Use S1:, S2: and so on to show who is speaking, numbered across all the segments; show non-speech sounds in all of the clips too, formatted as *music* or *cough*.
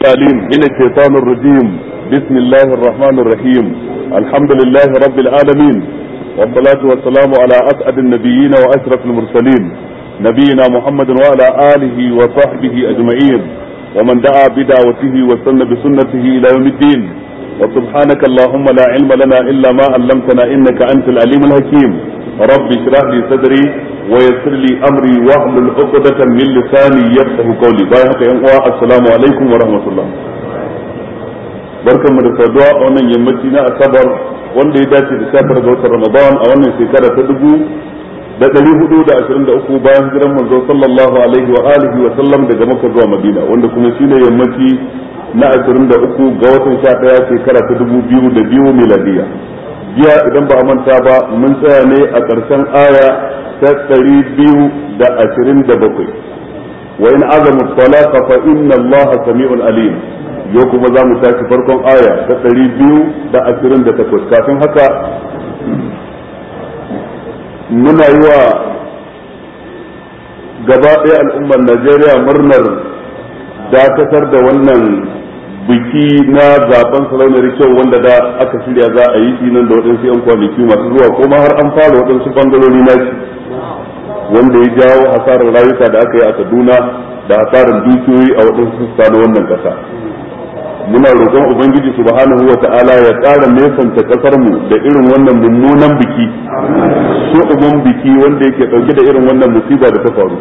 S1: التعليم من الشيطان الرجيم بسم الله الرحمن الرحيم الحمد لله رب العالمين والصلاة والسلام على أسعد النبيين وأشرف المرسلين نبينا محمد وعلى آله وصحبه أجمعين ومن دعا بدعوته وسن بسنته إلى يوم الدين وسبحانك اللهم لا علم لنا إلا ما علمتنا إنك أنت العليم الحكيم رب اشرح لي صدري ويسر لي امري واحلل عقدة من لساني يفقه قولي بارك يا السلام عليكم ورحمه الله barkan mu da saduwa a wannan yammaci na asabar wanda ya dace da shafar ga ramadan a wannan shekara ta dubu da ɗari hudu da ashirin da uku bayan hijiran manzo sallallahu alaihi wa alihi wa sallam daga makka zuwa madina wanda kuma shine yammaci na ashirin da uku ga watan sha ɗaya shekara ta dubu biyu da biyu miladiya jiya idan ba a manta ba mun tsaya ne a ƙarshen aya ta ɗari biyu da ashirin da bakwai wa in azamu talaqa fa inna allaha sami'un alim yau kuma za mu tashi farkon aya ta ɗari biyu da ashirin da takwas kafin haka muna yi wa gaba ɗaya al'ummar najeriya murnar dakatar da wannan biki na zaben sarauniyar kyau wanda da aka shirya za a yi nan da waɗansu 'yan kwanaki masu zuwa ma har an fara waɗansu bangarori na shi wanda ya jawo hasarar rayuka da aka yi a kaduna da hasarar dukiyoyi a waɗansu sassa na wannan ƙasa muna roƙon ubangiji subhanahu wa ta'ala ya ƙara nesanta ƙasar mu da irin wannan mummunan biki shu'uban biki wanda yake ɗauke da irin wannan musiba da ta faru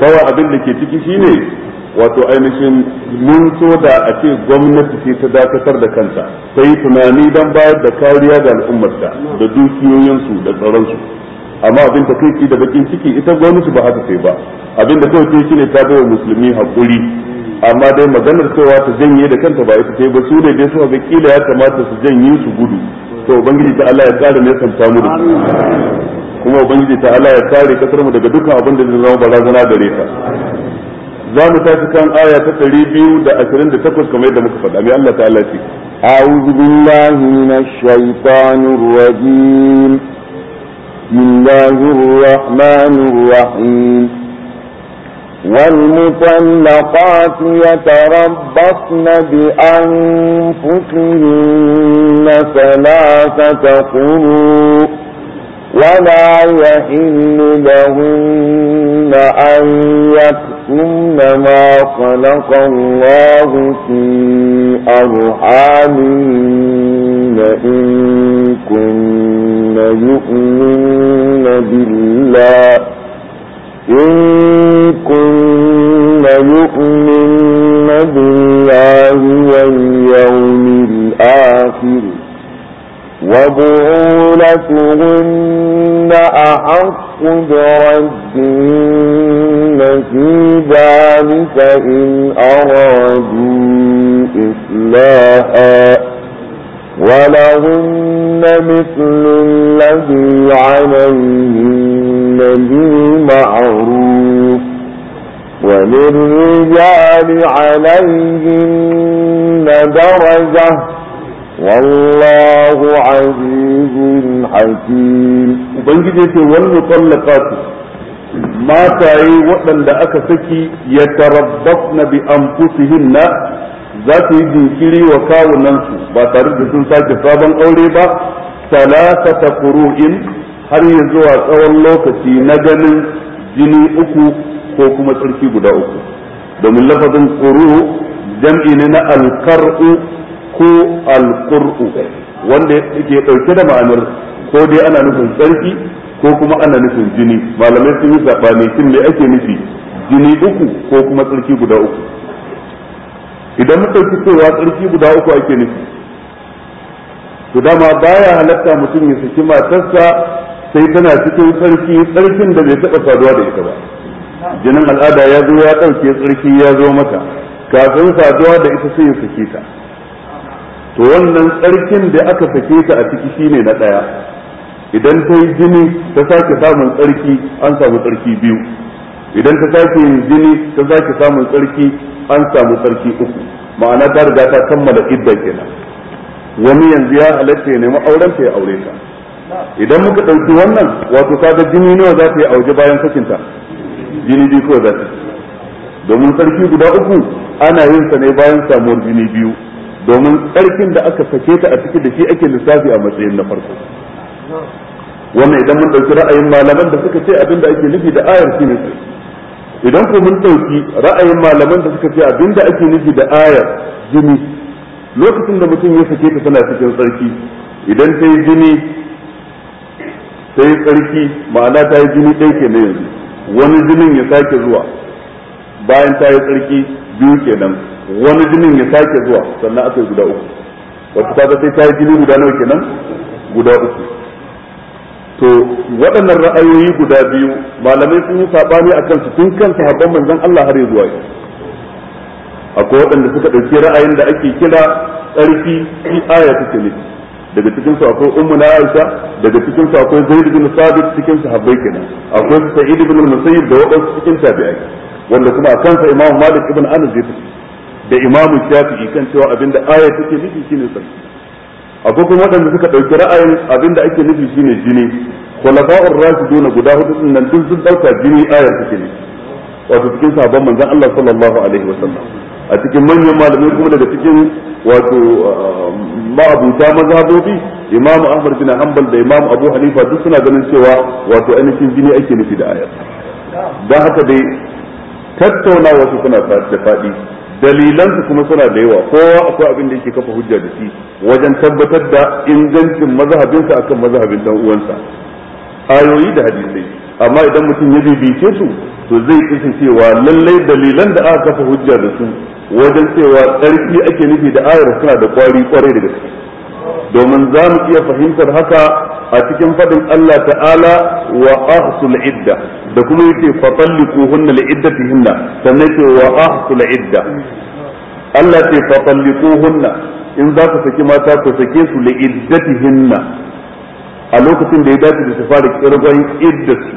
S1: kawai abin da ke ciki shine wato ainihin mun so da a ce gwamnati ce ta dakatar da kanta ta yi tunani don bayar da kariya ga al'ummarta da dukiyoyinsu da tsaronsu amma abin da kai da bakin ciki ita gwamnati ba haka sai ba abin da kai shi ne ta bayar musulmi haƙuri amma dai maganar cewa ta janye da kanta ba ita yi ba su da dai suka kila ya kamata su janye su gudu to ubangiji ta Allah ya kare ne san samu da kuma ubangiji ta Allah ya kare kasar mu daga dukkan abin da zai zama barazana gare ta za mu tafi kan aya ta ɗari biyu da ashirin da takwas kamar yadda muka faɗa mai Allah ta'ala ce أعوذ بالله من الشيطان الرجيم بسم الله الرحمن
S2: الرحيم والمطلقات يتربصن بأنفسهن ثلاثة قلوب ولا يحل لهن أن يكتمن ما خلق الله في أرحامهن إن كن يؤمن بالله إن كن يؤمن بالله واليوم الآخر وبعولتهن أحق بردهن في ذلك إن أرادوا إصلاحا ولهن مثل الذي عليهن بالمعروف وللرجال عليهن درجه والله
S1: عزيز حكيم ubangiji ce wal mutallaqat mataye waɗanda aka saki ya tarabbasna bi anfusihinna za su yi jinkiri wa kawunansu ba tare da sun sake sabon aure ba talatata qurun har ya zuwa tsawon lokaci na ganin jini uku ko kuma tsarki guda uku domin lafazin quru jam'i ne na alqar'u ko alqur'u wanda yake ɗauke da ma'anar ko dai ana nufin tsarki ko kuma ana nufin jini malamai sun yi sabani shin me ake nufi jini uku ko kuma tsarki guda uku idan muka ci cewa tsarki guda uku ake nufi to dama baya halatta mutum ya saki matarsa sai tana cikin tsarki tsarkin da bai taɓa saduwa da ita ba jinin al'ada ya zo ya ɗauke tsarki ya zo mata kafin saduwa da ita sai ya saki ta to wannan tsarkin da aka sake ta a ciki shine na daya idan ta yi jini ta sake samun tsarki an samu tsarki biyu idan ta sake yin jini ta sake samun tsarki an samu tsarki uku ma'ana ta riga ta kammala idda kenan wani yanzu ya halatta ya nemi auren ta ya aure ta idan muka ɗauki wannan wato ga jini nawa za ta yi auje bayan sakinta jini biyu kawai za ta domin sarki guda uku ana yin sa ne bayan samuwar jini biyu domin tsarkin da aka sake ta a ciki da shi ake lissafi a matsayin na farko wannan idan mun ɗauki ra'ayin malaman da suka ce abinda ake nufi da ayar shi ne idan ko mun ɗauki ra'ayin malaman da suka ce abinda ake nufi da ayar jini lokacin da mutum ya sake ta tana cikin tsarki idan ta yi jini ta yi tsarki ma'ana ta yi jini ɗaya ke na yanzu wani jinin ya sake zuwa bayan ta yi tsarki biyu kenan wani jinin ya sake zuwa sannan aka yi guda uku wata kaga sai ta yi jini guda nawa kenan guda uku to waɗannan ra'ayoyi guda biyu malamai sun yi saɓani akan kansu tun kan sahabban manzon Allah har zuwa yi akwai waɗanda suka ɗauki ra'ayin da ake kira ƙarfi fi aya take ne daga cikin su akwai ummu na Aisha daga cikin su akwai Zaid bin Sabit cikin sahabbai kenan akwai Sa'id bin Musayyib da waɗansu cikin tabi'ai wanda kuma a kansa imamu malik ibn anas ya tafi da imamu shafi'i kan cewa abinda aya take nufi shine sarki akwai kuma waɗanda suka ɗauki ra'ayin abinda ake nufi shine jini khulafa'ur rashidun guda hudu din nan duk sun dauka jini ayar take ne wato cikin sahabban manzon Allah sallallahu alaihi wasallam a cikin manyan malamai kuma daga cikin wato ah, ma'abuta mazhabobi imamu ahmad bin hanbal da imamu abu hanifa duk suna ganin cewa wato ainihin jini ake nufi da ayar dan haka dai tattauna wasu suna da faɗi dalilansu kuma suna da yawa kowa akwai abin da yake kafa hujja da shi wajen tabbatar da ingancin mazahabinsa akan mazahabin dan uwansa ayoyi da hadisai amma idan mutum ya bibice su to zai isa cewa lallai dalilan da aka kafa hujja da su wajen cewa tsarki ake nufi da ayar suna da kwari kwarai da gaske domin za mu iya fahimtar haka a cikin faɗin Allah ta'ala wa ahsul idda da kuma ko fa la'idda li iddatihinna sannan yake wa ahsul idda Allah ce ko hunna in za ku saki mata ku sake su li iddatihinna a lokacin da ya dace da su fara kirgon iddatu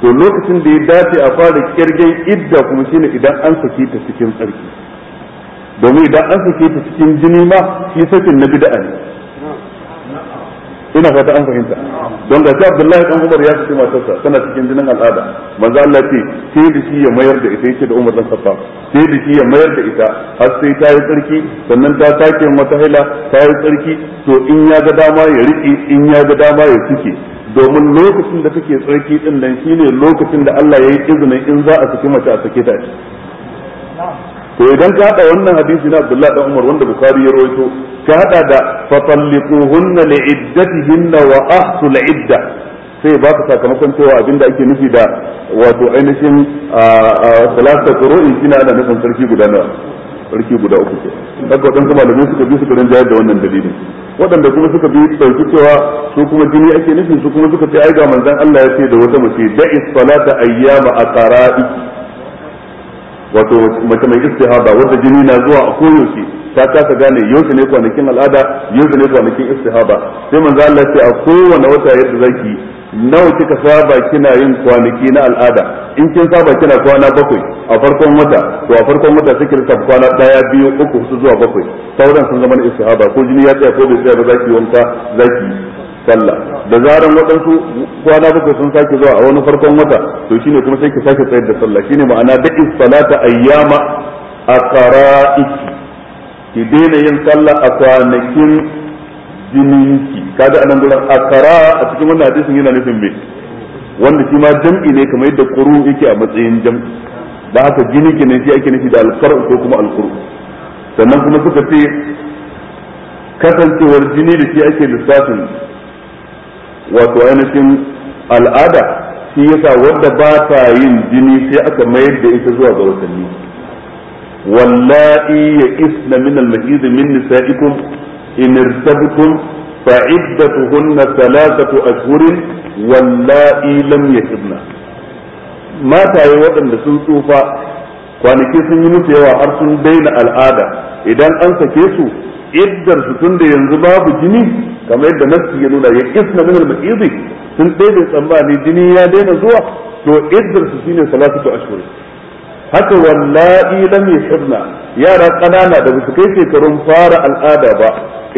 S1: to lokacin da ya dace a fara kirgen idda kuma shine idan an saki ta cikin tsarki domin idan an sake ta cikin jini ma shi sakin na bid'a ne ina fata an fahimta don ga sai Abdullahi dan Umar ya saki matarsa tana cikin jinin al'ada manzo Allah ce sai da shi ya mayar da ita yake da Umar dan Khattab sai da shi ya mayar da ita har sai ta yi tsarki sannan ta take mata haila ta yi tsarki to in ya ga dama ya riki in ya ga dama ya suke domin lokacin da take tsarki din nan shine lokacin da Allah ya yi izinin in za a saki mace a sake ta to idan ka hada wannan hadisi na abdullahi dan Umar wanda Bukhari ya rawaito ka hada da fatalliquhunna li'iddatihinna wa ahsul idda sai ba ka sakamakon cewa abinda ake nufi da wato ainihin salasa qur'ani kina ana nufin sarki guda nawa sarki guda uku ke haka waɗansu malamai suka bi suka rinjayar da wannan dalilin waɗanda kuma suka bi ɗauki cewa su kuma jini ake nufi su kuma suka ce ai ga manzon Allah ya ce da wata mace da'i salata ayyama aqara'i wato mace mai istihaba wadda jini na zuwa a koyaushe ta kasa gane yaushe ne kwanakin al'ada yau ne kwanakin istihaba sai manzo Allah ce a kowane wata yadda zaki nawa kika saba kina yin kwanaki na al'ada in kin saba kina kwana bakwai a farkon wata to a farkon wata sai kika kwana daya biyu uku su zuwa bakwai sauran sun zama na istihaba ko jini ya tsaya ko bai tsaya ba zaki wanka zaki sallah da zaran waɗansu kwana bakwai sun sake zuwa a wani farkon wata to shine kuma sai ki sake tsayar da sallah shine ma'ana da salata ayyama a qara'iki ki daina yin sallah a kwanakin jininki kaga anan gurin a a cikin wannan hadisin yana nufin me wanda shi ma jam'i ne kamar yadda quru yake a matsayin jam'i da haka jininki ne shi ake nufi da alqar ko kuma alquru sannan kuma suka ce kasancewar jini da shi ake lissafin wato ainihin al'ada shi yasa wanda ba ta yin jini sai aka mayar da ita zuwa ga wasanni wallahi ya isna min al-mahid min nisaikum in irtabtum fa iddatuhunna thalathatu ashhurin wallahi lam yahidna mataye waɗanda sun tsufa kwanaki sun yi musu yawa har sun daina al'ada idan an sake su iddar su tun da yanzu babu jini kamar yadda nasi ya nuna ya isna min al-ma'izi sun daina tsammani jini ya daina zuwa to iddar su shine salatu ashhur haka wallahi lam yahibna yara kanana da su kai shekarun fara al'ada ba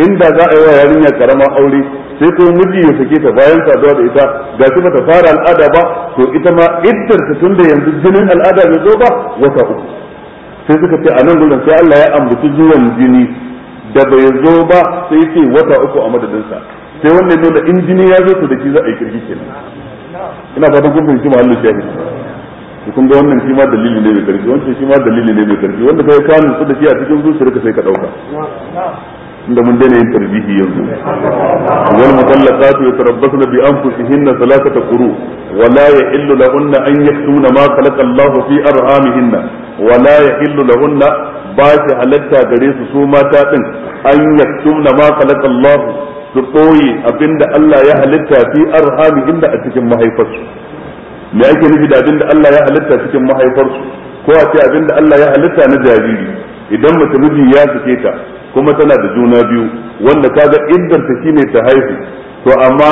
S1: inda za a yi wa yarinya karama aure sai ko miji ya sake ta bayan saduwa da ita ga shi bata fara al'ada ba to ita ma iddar ta da yanzu jinin al'ada bai zo ba wata uku sai suka ce a nan gudan sai Allah ya ambaci zuwan jini da bai zo ba sai ce wata uku a madadinsa sai wannan nuna injini ya zo su da shi za a yi kirki kenan ina fatan kun fahimci mahallin shi shafi to kun ga wannan shi ma dalili ne mai karfi wancan shi ma dalili ne mai karfi wanda kai kanu su da shi a cikin zuciyarka sai ka dauka inda mun daina yin tarbihi yanzu wal mutallaqatu yatarabbasna bi anfusihinna thalathata quru wa la yahillu lahunna an yaktuna ma khalaqa Allahu fi arhamihinna wa la yahillu lahunna ba shi halatta gare su su mata din an yaktuna ma khalaqa Allahu su koyi abinda Allah ya halitta fi arhamihinna a cikin mahaifarsu me ake nufi da abinda Allah ya halitta cikin mahaifarsu ko a ce abinda Allah ya halitta na jariri idan mace miji ya sake ta kuma tana da juna biyu wanda kaga idan ta shine ta haihu to amma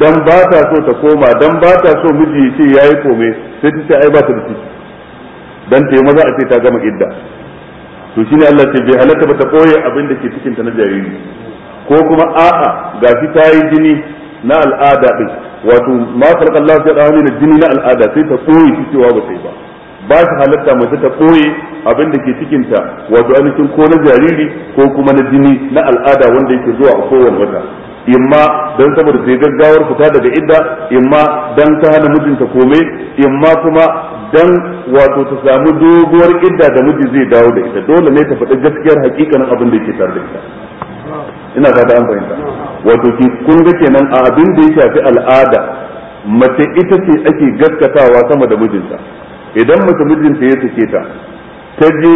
S1: dan ba ta so ta koma dan ba ta so miji ya ce yayi kome sai ta ce ai ba ta da ciki dan ta yi maza a ce ta gama idda to shine Allah ce bai halatta ba ta koye abin da ke cikin ta na jariri ko kuma a'a gashi ta yi jini na al'ada din wato ma farqa Allah ya da jini na al'ada sai ta koyi cewa ba ta yi ba ba su halatta mace ta ɓoye abin da ke cikinta wato ainihin ko na jariri ko kuma na jini na al'ada wanda yake zuwa a kowane wata imma don saboda ta gaggawar fita daga idda imma don ta hana mijinta kome imma kuma don wato ta samu doguwar idda da miji zai dawo da ita dole ne ta faɗi gaskiyar hakikanin abin da yake tare da ita ina da an fahimta wato ki kun ga kenan a abin da ya shafi al'ada mace ita ce ake gaskatawa sama da mijinta idan mace mijinta ya sake ta ta je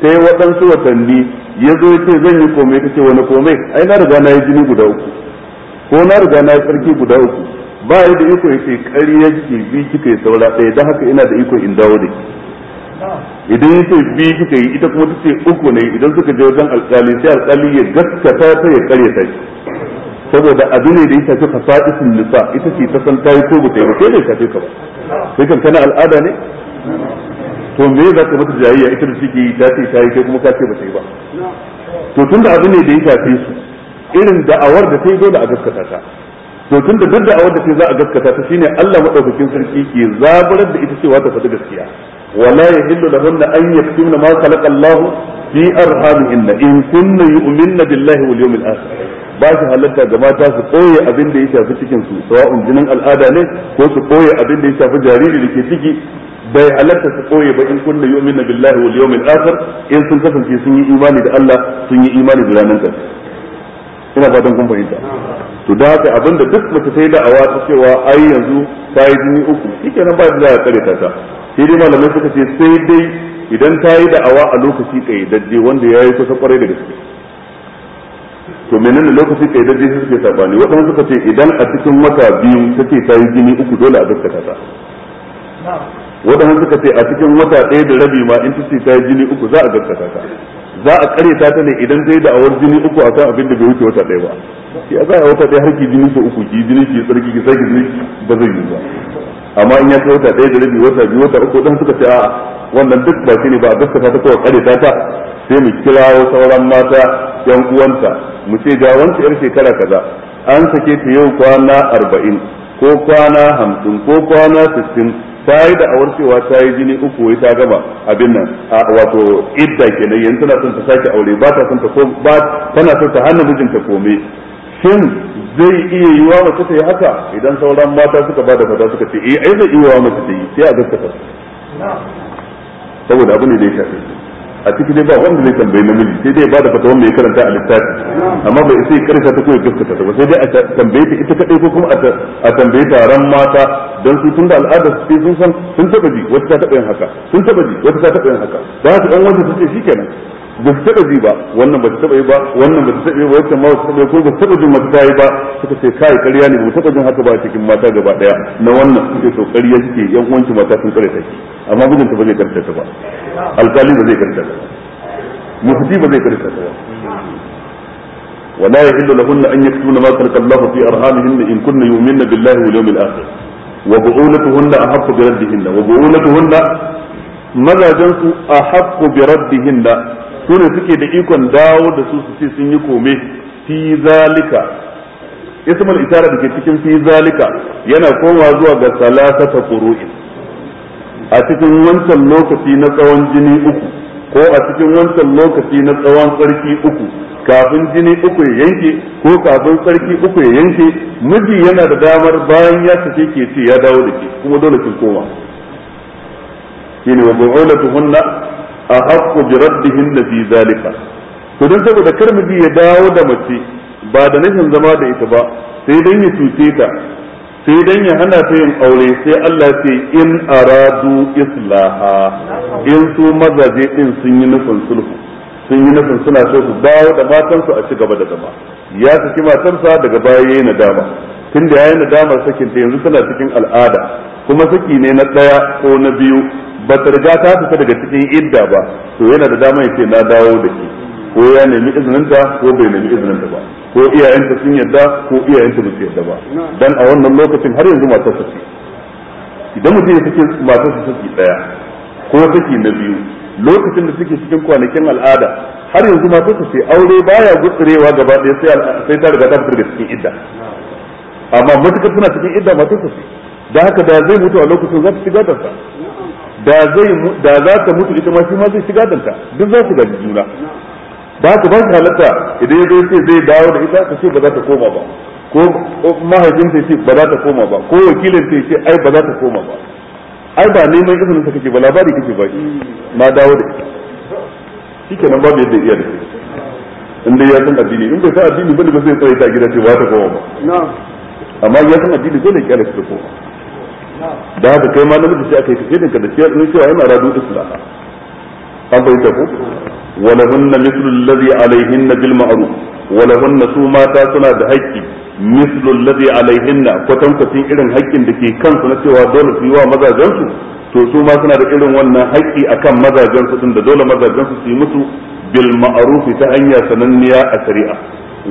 S1: sai yi waɗansu watanni ya zo ce zan yi komai ta ce wani komai ai na riga na yi jini guda uku ko na riga na yi tsarki guda uku ba yi da iko ya kari ya ke bi kika yi saura ɗaya don haka ina da iko in dawo da ki idan ya ce bi kika yi ita kuma ta ce uku ne idan suka je wajen alƙali sai alƙali ya gaskata ta ya ƙaryata shi saboda abu ne da ya shafi fasa'isin lissa ita ce ta san tayi ko ta yi ba sai da ya shafe ka ba sai kan kana al'ada ne to me za ka mata jayayya ita da suke yi ta ce ta yi kai kuma ka ce ba ta yi ba to tun da abu ne da ya shafe su irin da'awar da ta yi dole a gaskata ta to tun da duk da'awar da ta za a gaskata ta shine Allah madaukakin sarki ke zaburar da ita cewa ta faɗi gaskiya wala yahillu lahunna an yaktumna ma khalaqa Allah fi arhamihinna in kunna yu'minna billahi wal yawmil akhir ba shi halatta ga mata su koye abin da ya shafi cikin su sawa'un jinin al'ada ne ko su koye abin da ya shafi jariri da ke ciki bai halatta su koye ba in kullu yu'minu billahi wal yawmil akhir in sun kasance sun yi imani da Allah sun yi imani da ranar ƙarshe ina fatan kun fahimta to da haka abinda duk mace sai da'awa ta cewa ai yanzu ta yi jini uku kike nan ba da za a kare ta sai dai malamai suka ce sai dai idan ta yi da'awa a lokaci kayyadajje wanda ya yi kusa kwarai da gaske to menene lokaci kayyadajje sai suke sabani waɗanda suka ce idan a cikin wata biyu take ta yi jini uku dole a gaskata ta wadannan suka ce a cikin wata ɗaya da rabi ma in tace ta jini uku za a gaskata ta za a karyata ta ne idan zai da awar jini uku akan abin da bai wuce wata ɗaya ba ya za a wata ɗaya har ki jini su uku ki jini ki tsarki ki sake jini ba zai yi ba amma in ya kai wata ɗaya da rabi wata biyu wata uku dan suka ce a wannan duk ba ne ba a gaskata ta ko a karyata ta sai mu kirawo sauran mata yan uwanta mu ce ga wancan yar shekara kaza an sake ta yau kwana arba'in ko kwana hamsin ko kwana sittin ta yi da awar cewa ta yi jini uku wai ta gama abin nan a wato idda kenan yanzu tana son ta sake aure ba ta son ta ko ba tana son ta hannu mijinta kome shin zai iya wa mace ta yi haka idan sauran mata suka ba da fata suka ce eh ai zai iya wa mace ta yi sai a gaskata saboda abu ne da ya shafe a ciki dai ba wanda zai tambayi namiji sai dai ba da fata wanda ya karanta a littafi amma bai sai karanta ta ko ya gaskata ta ba sai dai a tambaye ta ita kadai ko kuma a tambaye taron mata don su tunda al'adar su sun san sun taba ji wata ta taba yin haka sun taba ji wata ta taba yin haka da haka ɗan wanda ta ce shikenan ba su taɓa ji ba wannan ba su taɓa yi ba wannan ba taɓa yi ba wancan ma su taɓa yi ko ba su taɓa jin mata ba suka ce kai ƙarya ne ba su taɓa jin haka ba cikin mata gaba ɗaya na wannan suke so ƙarya suke yan uwanci mata sun ƙare ta amma mijinta ba zai ta ba alƙali ba zai ta mufti ba zai ta ba ولا يحل لهن ان يكتمن ما خلق الله في ارحامهن ان كن يؤمن بالله واليوم الاخر وبعولتهن احق بردهن وبعولتهن ماذا جنس احق بردهن su ne suke da ikon dawo da su su ce sun yi kome fi zalika ismul isara da ke cikin fi zalika yana komawa zuwa ga salasata furu'in a cikin wancan lokaci na tsawon jini uku ko a cikin wancan lokaci na tsawon tsarki uku kafin jini uku ya yanke ko kafin tsarki uku ya yanke miji yana da damar bayan ya tafi ke ce ya dawo da ke kuma dole kin koma shine wa a haƙƙo bi da fi zalika to don saboda kar miji ya dawo da mace ba da nufin zama da ita ba sai dan ya cuce ta sai dan ya hana ta yin aure sai Allah ce in aradu islaha in su mazaje din sun yi nufin sulhu sun yi nufin suna so su dawo da matansu a ci gaba da zama ya saki matarsa daga baya yayi nadama tunda yayi nadamar sakin ta yanzu tana cikin al'ada kuma saki ne na ɗaya ko na biyu ba ta riga ta fita daga cikin idda ba to yana da dama ya na dawo da ke ko ya nemi ta ko bai nemi ta ba ko iyayenta sun yadda ko iyayenta ba su yadda ba dan a wannan lokacin har yanzu matar ce idan mutum ya take matar sa take daya ko take na biyu lokacin da suke cikin kwanakin al'ada har yanzu matar sa ce aure baya gutsurewa gaba ɗaya sai sai ta riga ta fita daga cikin idda amma matukar suna cikin idda matar sa ce da haka da zai mutu a lokacin za ta ci ta da zai da za ta mutu ita ma shi ma zai shiga danta duk za su gaji juna da haka ba shi halatta idan ya zo ce zai dawo da ita ka ce ba za ta koma ba ko mahaifinta ya ce ba za ta koma ba ko wakilin ta ce ai ba za ta koma ba ai ba neman izinin sa kake ba labari kake ba na dawo da ita shikenan babu yadda iya da shi in dai ya san addini in bai san addini bane ba zai tsare ta gida ce ba ta koma ba amma ya san addini dole ya kyale ta koma da haka kai ma namiji sai aka yi tafiyar ka da ciyar ne cewa yana radu isla an bai hunna ku ولهن مثل bil ma'ruf wala hunna su mata suna da haƙƙi مثل الذي عليهن cin irin haƙƙin da ke kansu na cewa dole su yi wa mazajensu to su ma suna da irin wannan haƙƙi akan mazajensu din da dole mazajensu su yi musu bil ma'ruf ta hanya sananniya a shari'a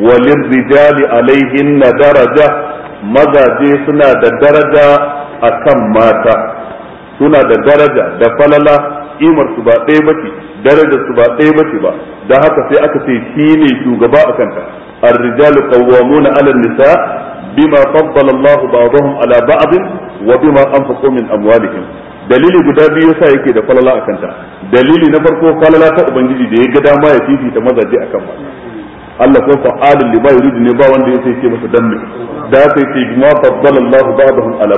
S1: walin rijali alaihinna daraja mazaje suna da daraja akan mata suna da daraja da falala imar su ba ɗaya bace daraja su ba ɗaya bace ba da haka sai aka ce shi ne shugaba a kanta الرجال قوامون على النساء بما فضل الله بعضهم على بعض وبما أنفقوا من أموالهم dalili guda biyu yasa yake da falala a kanta dalili na farko falala ta ubangiji da ya ga dama ya fifita mazaje akan mata Allah ko fa'alul lima yuridu ne ba wanda yake ce masa dan da sai ce bima faddala ala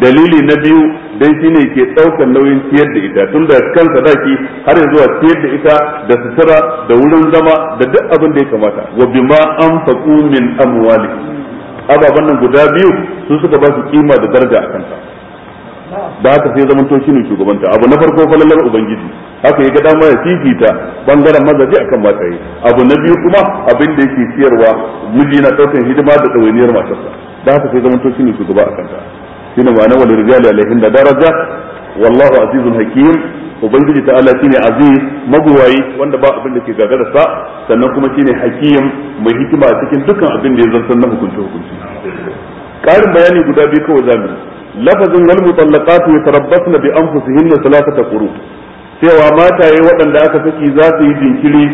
S1: dalili na biyu dan shine ke daukar nauyin ciyar da ita tun da kan sadaki har zuwa ciyar da ita da sutura da wurin zama da duk abin da ya kamata wa bima anfaqu min amwali ababan nan guda biyu su suka ba su kima da daraja a kanta da haka sai zaman to shine shugabanta abu na farko falalar ubangiji haka ya ga dama ya fifita bangaren mazaji akan matsayi abu na biyu kuma abin da yake siyarwa miji na daukar hidima da ɗawainiyar matarsa da haka sai zaman to shine shugaba a kanta shine ma'ana wani rijali alaihin da daraja wallahu azizun hakim ubangiji ta Allah shine aziz magowayi wanda ba abin da ke da sa sannan kuma shine hakim mai hikima a cikin dukkan abin da ya zartar na hukunci hukunci karin bayani guda biyu kawai zamu lafazin wal mutallaqatu yatarabbasna bi anfusihinna thalathata quru cewa mataye waɗanda aka saki za su yi jinkiri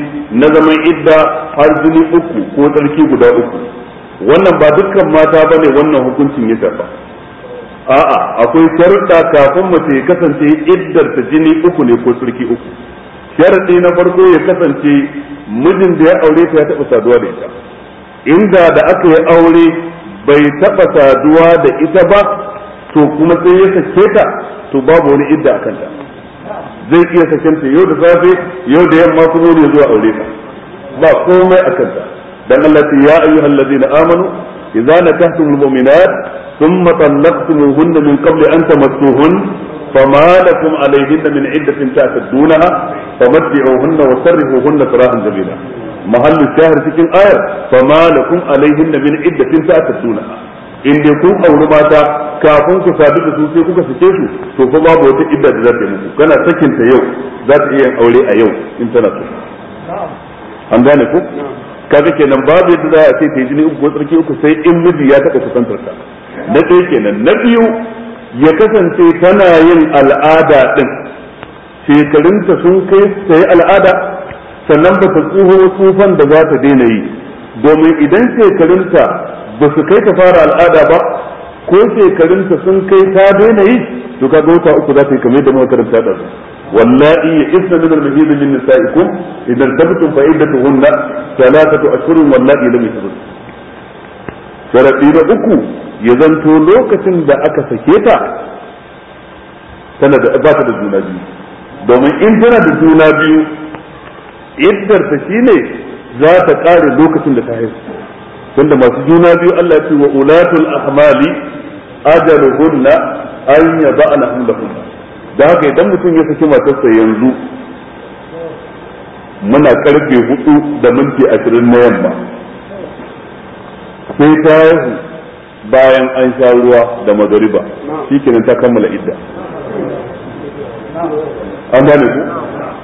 S1: na zaman idda har jini uku ko tsarki guda uku wannan ba dukkan mata bane wannan hukuncin ya shafa a'a akwai sharuɗa kafin mace ya kasance iddar ta jini uku ne ko surki uku sharaɗi na farko ya kasance mijin da ya aure ta ya taɓa saduwa da ita inda da aka yi aure bai taɓa saduwa da ita ba to kuma sai ya sake ta to babu wani idda a kanta zai iya ta yau da safe yau da yamma kuma ne zuwa aure ta ba komai a kanta dan Allah ya ladina amanu idza nakahtum almu'minat thumma talaqtumuhunna min qabli an tamassuhunna فما لكم عليهن من عدة تعتدونها فمتعوهن وسرحوهن سراحا جميلا محل في فما لكم عليهن من عدة تعتدونها in dai kun auri mata kafin ku sadu da su sai kuka sake su to fa babu wata idda da za ta yi muku kana sakin ta yau za ta iya aure a yau in tana so an gane ku kaga kenan babu yadda za a ce ta yi jini uku ko tsarki uku sai in miji ya taɓa kusantar ta na ɗaya kenan na biyu ya kasance tana yin al'ada ɗin shekarunta sun kai ta yi al'ada sannan ba ta tsoho tsufan da za ta daina yi domin idan shekarunta ba su kai ta fara al'ada ba ko shekarunta sun kai ta daina yi to kaga wata uku za ta yi kamar da muka karanta da واللائي يئسن من المهيض من نسائكم إذا ارتبتم فعدتهن ثلاثة أشهر واللائي لم يتبن sharaɗi na uku ya zanto lokacin da aka sake ta ba ta da juna biyu domin in tana da juna biyu iddarta shine za ta ƙare lokacin da ta haihu tunda masu juna biyu Allah ya ce wa ulatul ahmali ajaluhunna an yaba'na hamlahunna da haka idan mutum ya saki matarsa yanzu muna karfe hudu da minti ashirin na yamma sai ta yi bayan an sha ruwa da magariba kenan ta kammala idda an gane ku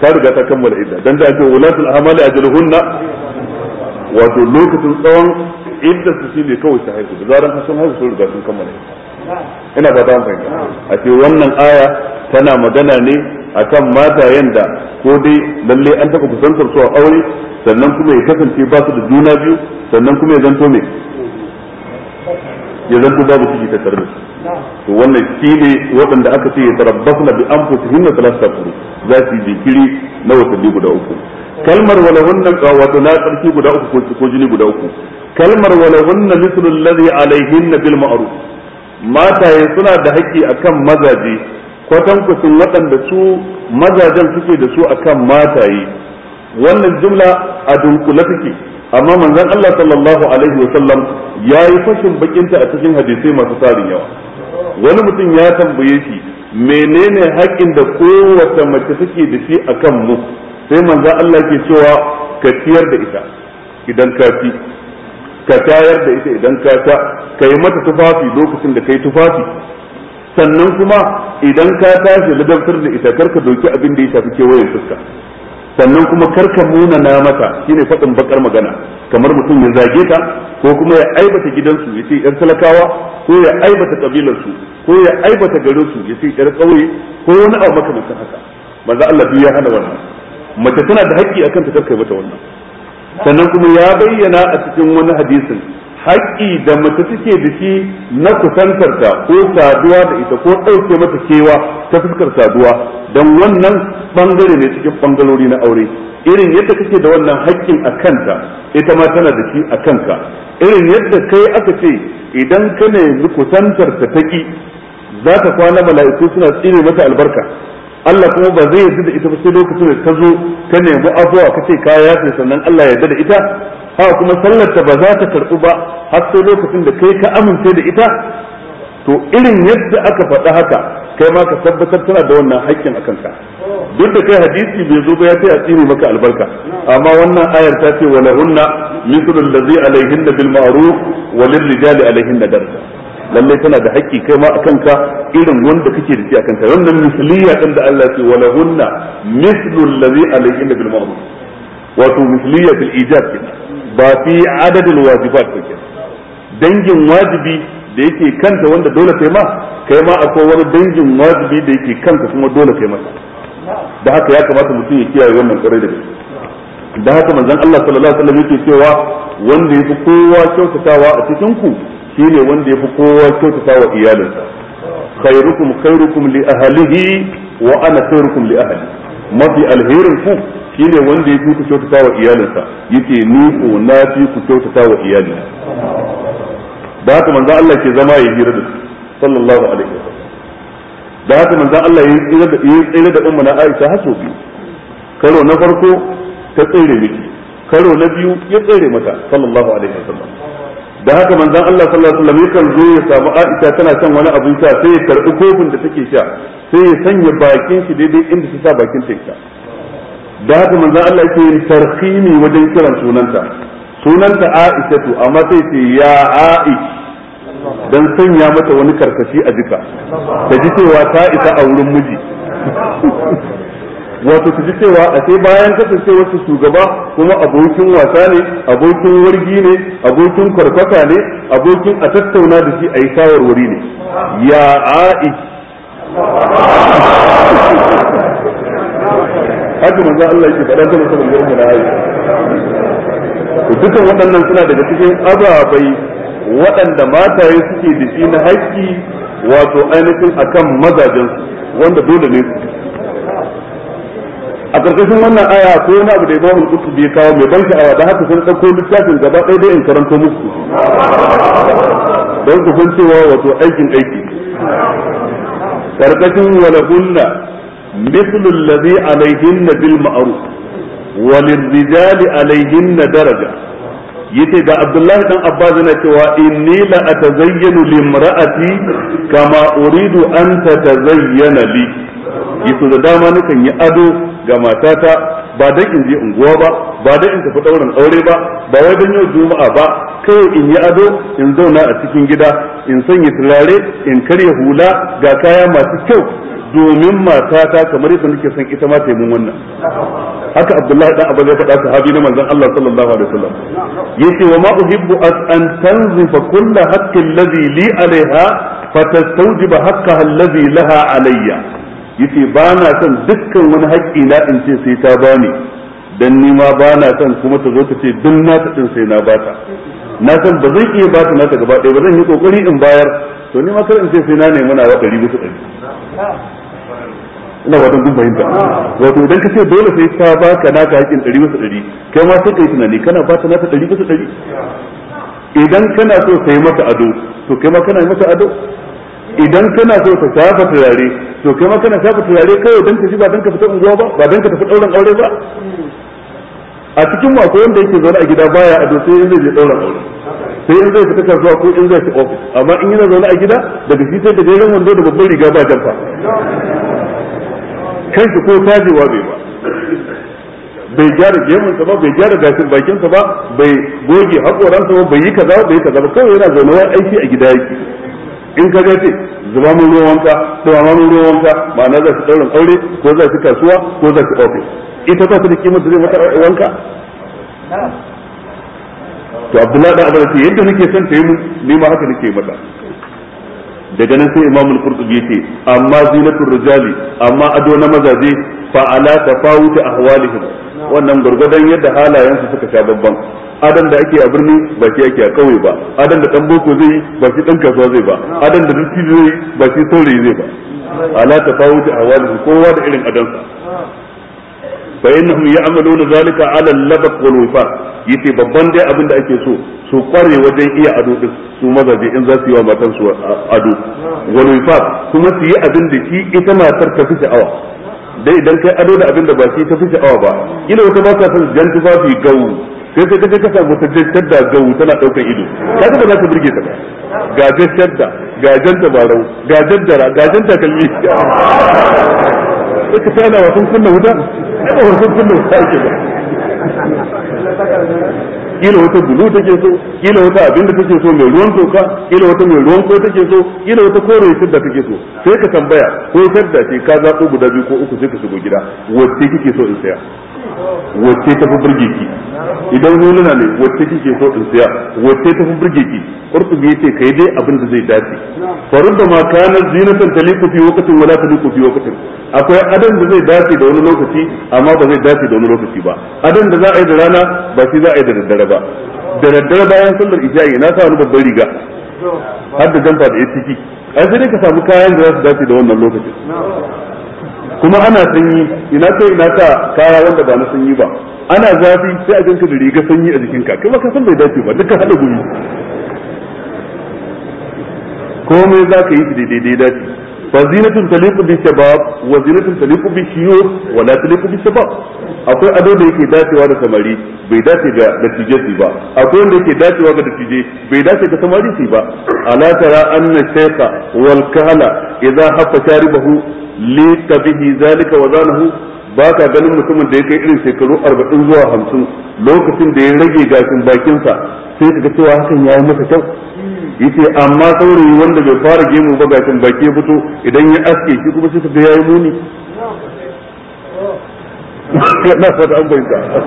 S1: ta riga ta kammala idda dan da ake wulatul amali hunna wato lokacin tsawon idda su shine kawai ta haihu da zaran sun haihu sun riga sun kammala idda ina ba ta fahimta a ce wannan aya tana magana ne akan mata yanda ko dai lalle an taɓa kusantar su a aure sannan kuma ya kasance ba su da juna biyu sannan kuma ya zanto me ya zanto babu ciki ta tarbi to wannan shi ne waɗanda aka ce na bi anfusihinna talasta kuru za su jinkiri na watanni guda uku kalmar walahunna wato na tsarki guda uku ko jini guda uku kalmar walahunna mithlu alladhi alaihinna bil ma'ruf mataye suna da haƙƙi akan mazaje kwatankusin waɗanda su mazajen suke da su akan mataye wannan jumla a dunkule take amma manzon Allah sallallahu alaihi wa sallam yayi fashin bakinta a cikin hadisai masu tarin yawa wani mutum ya tambaye shi menene haƙƙin da kowace mace take da shi akan mu sai manzon Allah ke cewa ka ciyar da ita idan ka fi ka tayar da ita idan ka ta ka yi mata tufafi lokacin da kai tufafi sannan kuma idan ka tashi ladabtar da ita karka doki abin da ya shafi kewayen fuska sannan kuma karka na mata shine faɗin bakar magana kamar mutum ya zage ta ko kuma ya aibata gidansu ya ce yar talakawa ko ya aibata kabilarsu ko ya aibata garinsu ya ce yar ƙauye ko wani abu makamancin haka maza Allah ya hana wannan mace tana da haƙƙi akan ta karka mata wannan sannan kuma ya bayyana a cikin wani hadisin haƙƙi da mace take da shi na kusantarta ko saduwa da ita ko ɗauke mata kewa ta fuskar saduwa don wannan bangare ne cikin bangarori na aure irin yadda kake da wannan haƙƙin a kanta ita ma tana da shi a kanka irin yadda kai aka ce idan ka nemi kusantarta ta ƙi, za ta kwana mala'iku suna tsire mata albarka Allah kuma ba zai yarda da ita ba sai lokacin da ta zo ta nemi abuwa ka ce kaya yafe sannan Allah ya yarda da ita ha kuma sallar ta ba za ta karɓi ba har sai lokacin da kai ka amince da ita to irin yadda aka faɗa haka kai ma ka tabbatar tana da wannan haƙƙin a kanka duk da kai hadisi bai zo ba ya ce a tsini maka albarka amma wannan ayar ta ce wala hunna mithlu allazi alaihinna bil ma'ruf walil rijali alaihinna darsa. lalle tana da haƙƙi kai ma akan ka irin wanda kake da shi akan ka wannan misliya din da Allah ce wala hunna mislu allazi alayhi bil ma'ruf wato misliya bil ijab ba fi al wajibat ba dangin wajibi da yake kanta wanda dole kai ma kai ma akwai wani dangin wajibi da yake kanta kuma dole kai masa da haka ya kamata mutum ya kiyaye wannan kwarai da gaske da haka manzon Allah sallallahu alaihi wasallam yake cewa wanda yafi kowa kyautatawa a cikin ku Shi ne wanda ya fi kowa kyautata wa iyalinsa khairukum khairukum li ahlihi wa ana khairukum li ahli mafi alherin ku Shi ne wanda ya fi ku kyautata wa iyalinsa yace ni ko na fi ku kyautata wa iyalina da haka manzo Allah ke zama ya hira da su sallallahu alaihi wasallam da haka manzo Allah ya tsira da ya tsira da ummu na Aisha har sau biyu karo na farko ta tsere miki karo na biyu ya tsere mata sallallahu alaihi wasallam da haka manzon Allah sallallahu alaihi wasallam yakan zo ya samu Aisha tana son wani abin sha sai ya karbi kofin da take sha sai ya sanya bakin shi daidai inda ta sa bakin ta da haka manzon Allah yake yin tarhimi wajen kiran sunanta sunanta Aisha to amma sai ce ya Aisha dan sanya mata wani karkashi a jika
S3: da ji
S1: ta isa a wurin miji *laughs* wato su ji cewa a sai bayan kasancewar su shugaba kuma abokin wasa ne abokin wargi ne abokin kwarkwata ne abokin a tattauna da shi a yi shawarwari ne ya a'ish haka manzo Allah yake faɗa ta musamman da umma to dukkan waɗannan suna daga cikin ababai waɗanda mataye suke da shi na haƙƙi wato ainihin akan mazajensu wanda dole ne su a karkashin wannan aya ko wani abu da imamu kutubi ya kawo mai ban sha'awa da haka sun ɗauko littafin gaba ɗaya dai in karanto musu don ku san cewa wato aikin aiki karkashin walahunna mithlu alladhi alaihinna bil ma'ruf walirrijali alayhinna daraja yace ga Abdullahi dan Abbas yana cewa inni la atazayyanu limra'ati kama uridu an tatazayyana li yace da dama nakan yi ado ga matata ba dan in je unguwa ba ba dan in tafi dauran aure ba ba wai dan yau juma'a ba kawai in yi ado in zauna a cikin gida in sanya turare in karya hula ga kaya masu kyau domin matata kamar yadda nake son ita ma taimun wannan haka abdullahi dan abin ya faɗa sahabi na manzon Allah sallallahu alaihi wasallam yace wa ma uhibbu an tanzifa kulla haqqin ladhi li alaiha fatastawjiba haqqaha alladhi laha alayya yace ba na son dukkan wani haƙƙi na in ce sai ta bani dan ni ma ba na son kuma ta zo ta ce duk na ta din sai na bata na san ba zan iya bata nata gaba ɗaya ba zan yi kokari in bayar to ni ma kar in ce sai na nemi na wa ɗari bisa
S3: ɗari
S1: ina wadan kun ta wato idan ka ce dole sai ka baka naka hakkin ɗari bisa ɗari kai ma sai kai tunani kana ba ta naka ɗari bisa ɗari idan kana so sai mata ado to kai ma kana mata ado idan kana so ka shafa turare to kai ma kana shafa turare kai dan ka ji ba dan ka fita unguwa ba ba dan ka tafi ɗauran aure ba a cikin mu akwai wanda yake zaune a gida baya ado sai yanzu zai je ɗauran aure sai in zai fita kasuwa ko in zai fi ofis amma in yana zaune a gida daga shi sai da jerin wando da babban riga ba jamfa kanshi ko tajewa bai ba bai gyara gemunsa ba bai gyara gashin bakinsa ba bai goge haƙoransa ba bai yi kaza bai yi kaza ba kawai yana zaune wani aiki a gida yake in ka ce zuba mun ruwan wanka zuba mun ruwan wanka ma'ana za su ɗaurin aure ko za su kasuwa ko za su ofis ita ta su kimar da zai mata wanka to abdullahi da abdullahi yadda nake son ta yi ni ma haka nake mata daga nan sai imamul qurtubi yace amma zinatul rijali amma ado na mazaje fa ala tafawut ahwalihim wannan gurgudan yadda halayen su suka sha babban adan da ake a birni ba shi ake a kauye ba adan da dan boko zai ba shi dan kasuwa zai ba adan da dukki zai ba shi saurayi zai ba ala tafawut ahwalihim kowa da irin adansa fa innahum ya'maluna zalika 'ala al-labaq wal wifaq yace babban dai abin da ake so su kware wajen iya ado din su mazaje in za su yi wa matan su ado wal wifaq kuma su yi abin da shi ita matar ta fi sha'awa dai idan kai ado da abin da ba shi ta ba wata ba gawu sai sai kaje ka wata ta da gawu tana daukar ido ka ba ta burge ta ba ga jashar da ga jan tabarau ga jaddara ga jan takalmi *laughs* sai wasan kunna wuta اور کچھ نقصان کے
S3: لیے
S1: kila wata bulu take so kila wata abin da take so mai ruwan toka kila wata mai ruwan ko take so kila wata kore da take so sai ka tambaya ko da ce ka zaɓo guda biyu ko uku sai ka shigo gida wacce kike so in saya wacce ta fi burge ki idan huluna ne wacce kike so in saya wacce ta fi burge ki qurtubi yace kai dai abin da zai dace farudda ma kana zinatan taliqu fi waqtin wala taliqu fi waqtin akwai adan da zai dace da wani lokaci amma ba zai dace da wani lokaci ba adan da za a yi da rana ba shi za a yi da daddare ba ba da daddare bayan sallar isha'i na sa wani babban riga har da jamfa da ya ciki ai sai dai ka samu kayan da za su dace da wannan lokacin kuma ana sanyi ina kai ina ta kaya wanda ba na sanyi ba ana zafi sai a ganka da riga sanyi a jikinka kai ba ka san bai dace ba duka hada gumi komai za ka yi daidai dace فزينة تليق بالشباب وزينة تليق بالشيوخ ولا تليق بالشباب akwai ado da yake dacewa da samari bai dace ga dattijai su ba akwai yake dacewa ga dattijai bai dace ga samari su ba alatara tara anna shaykha wal kahala idza hafa sharibahu lika bihi zalika wa zanahu ba ka ganin mutumin da ya kai irin shekaru arba'in zuwa hamsin lokacin da ya rage gashin bakinsa sai daga cewa hakan ya yi masa kyau yake amma saurayi wanda bai fara gemu ba gashin baki fito idan ya aske shi kuma sai ka yayi muni na da an bayyana yake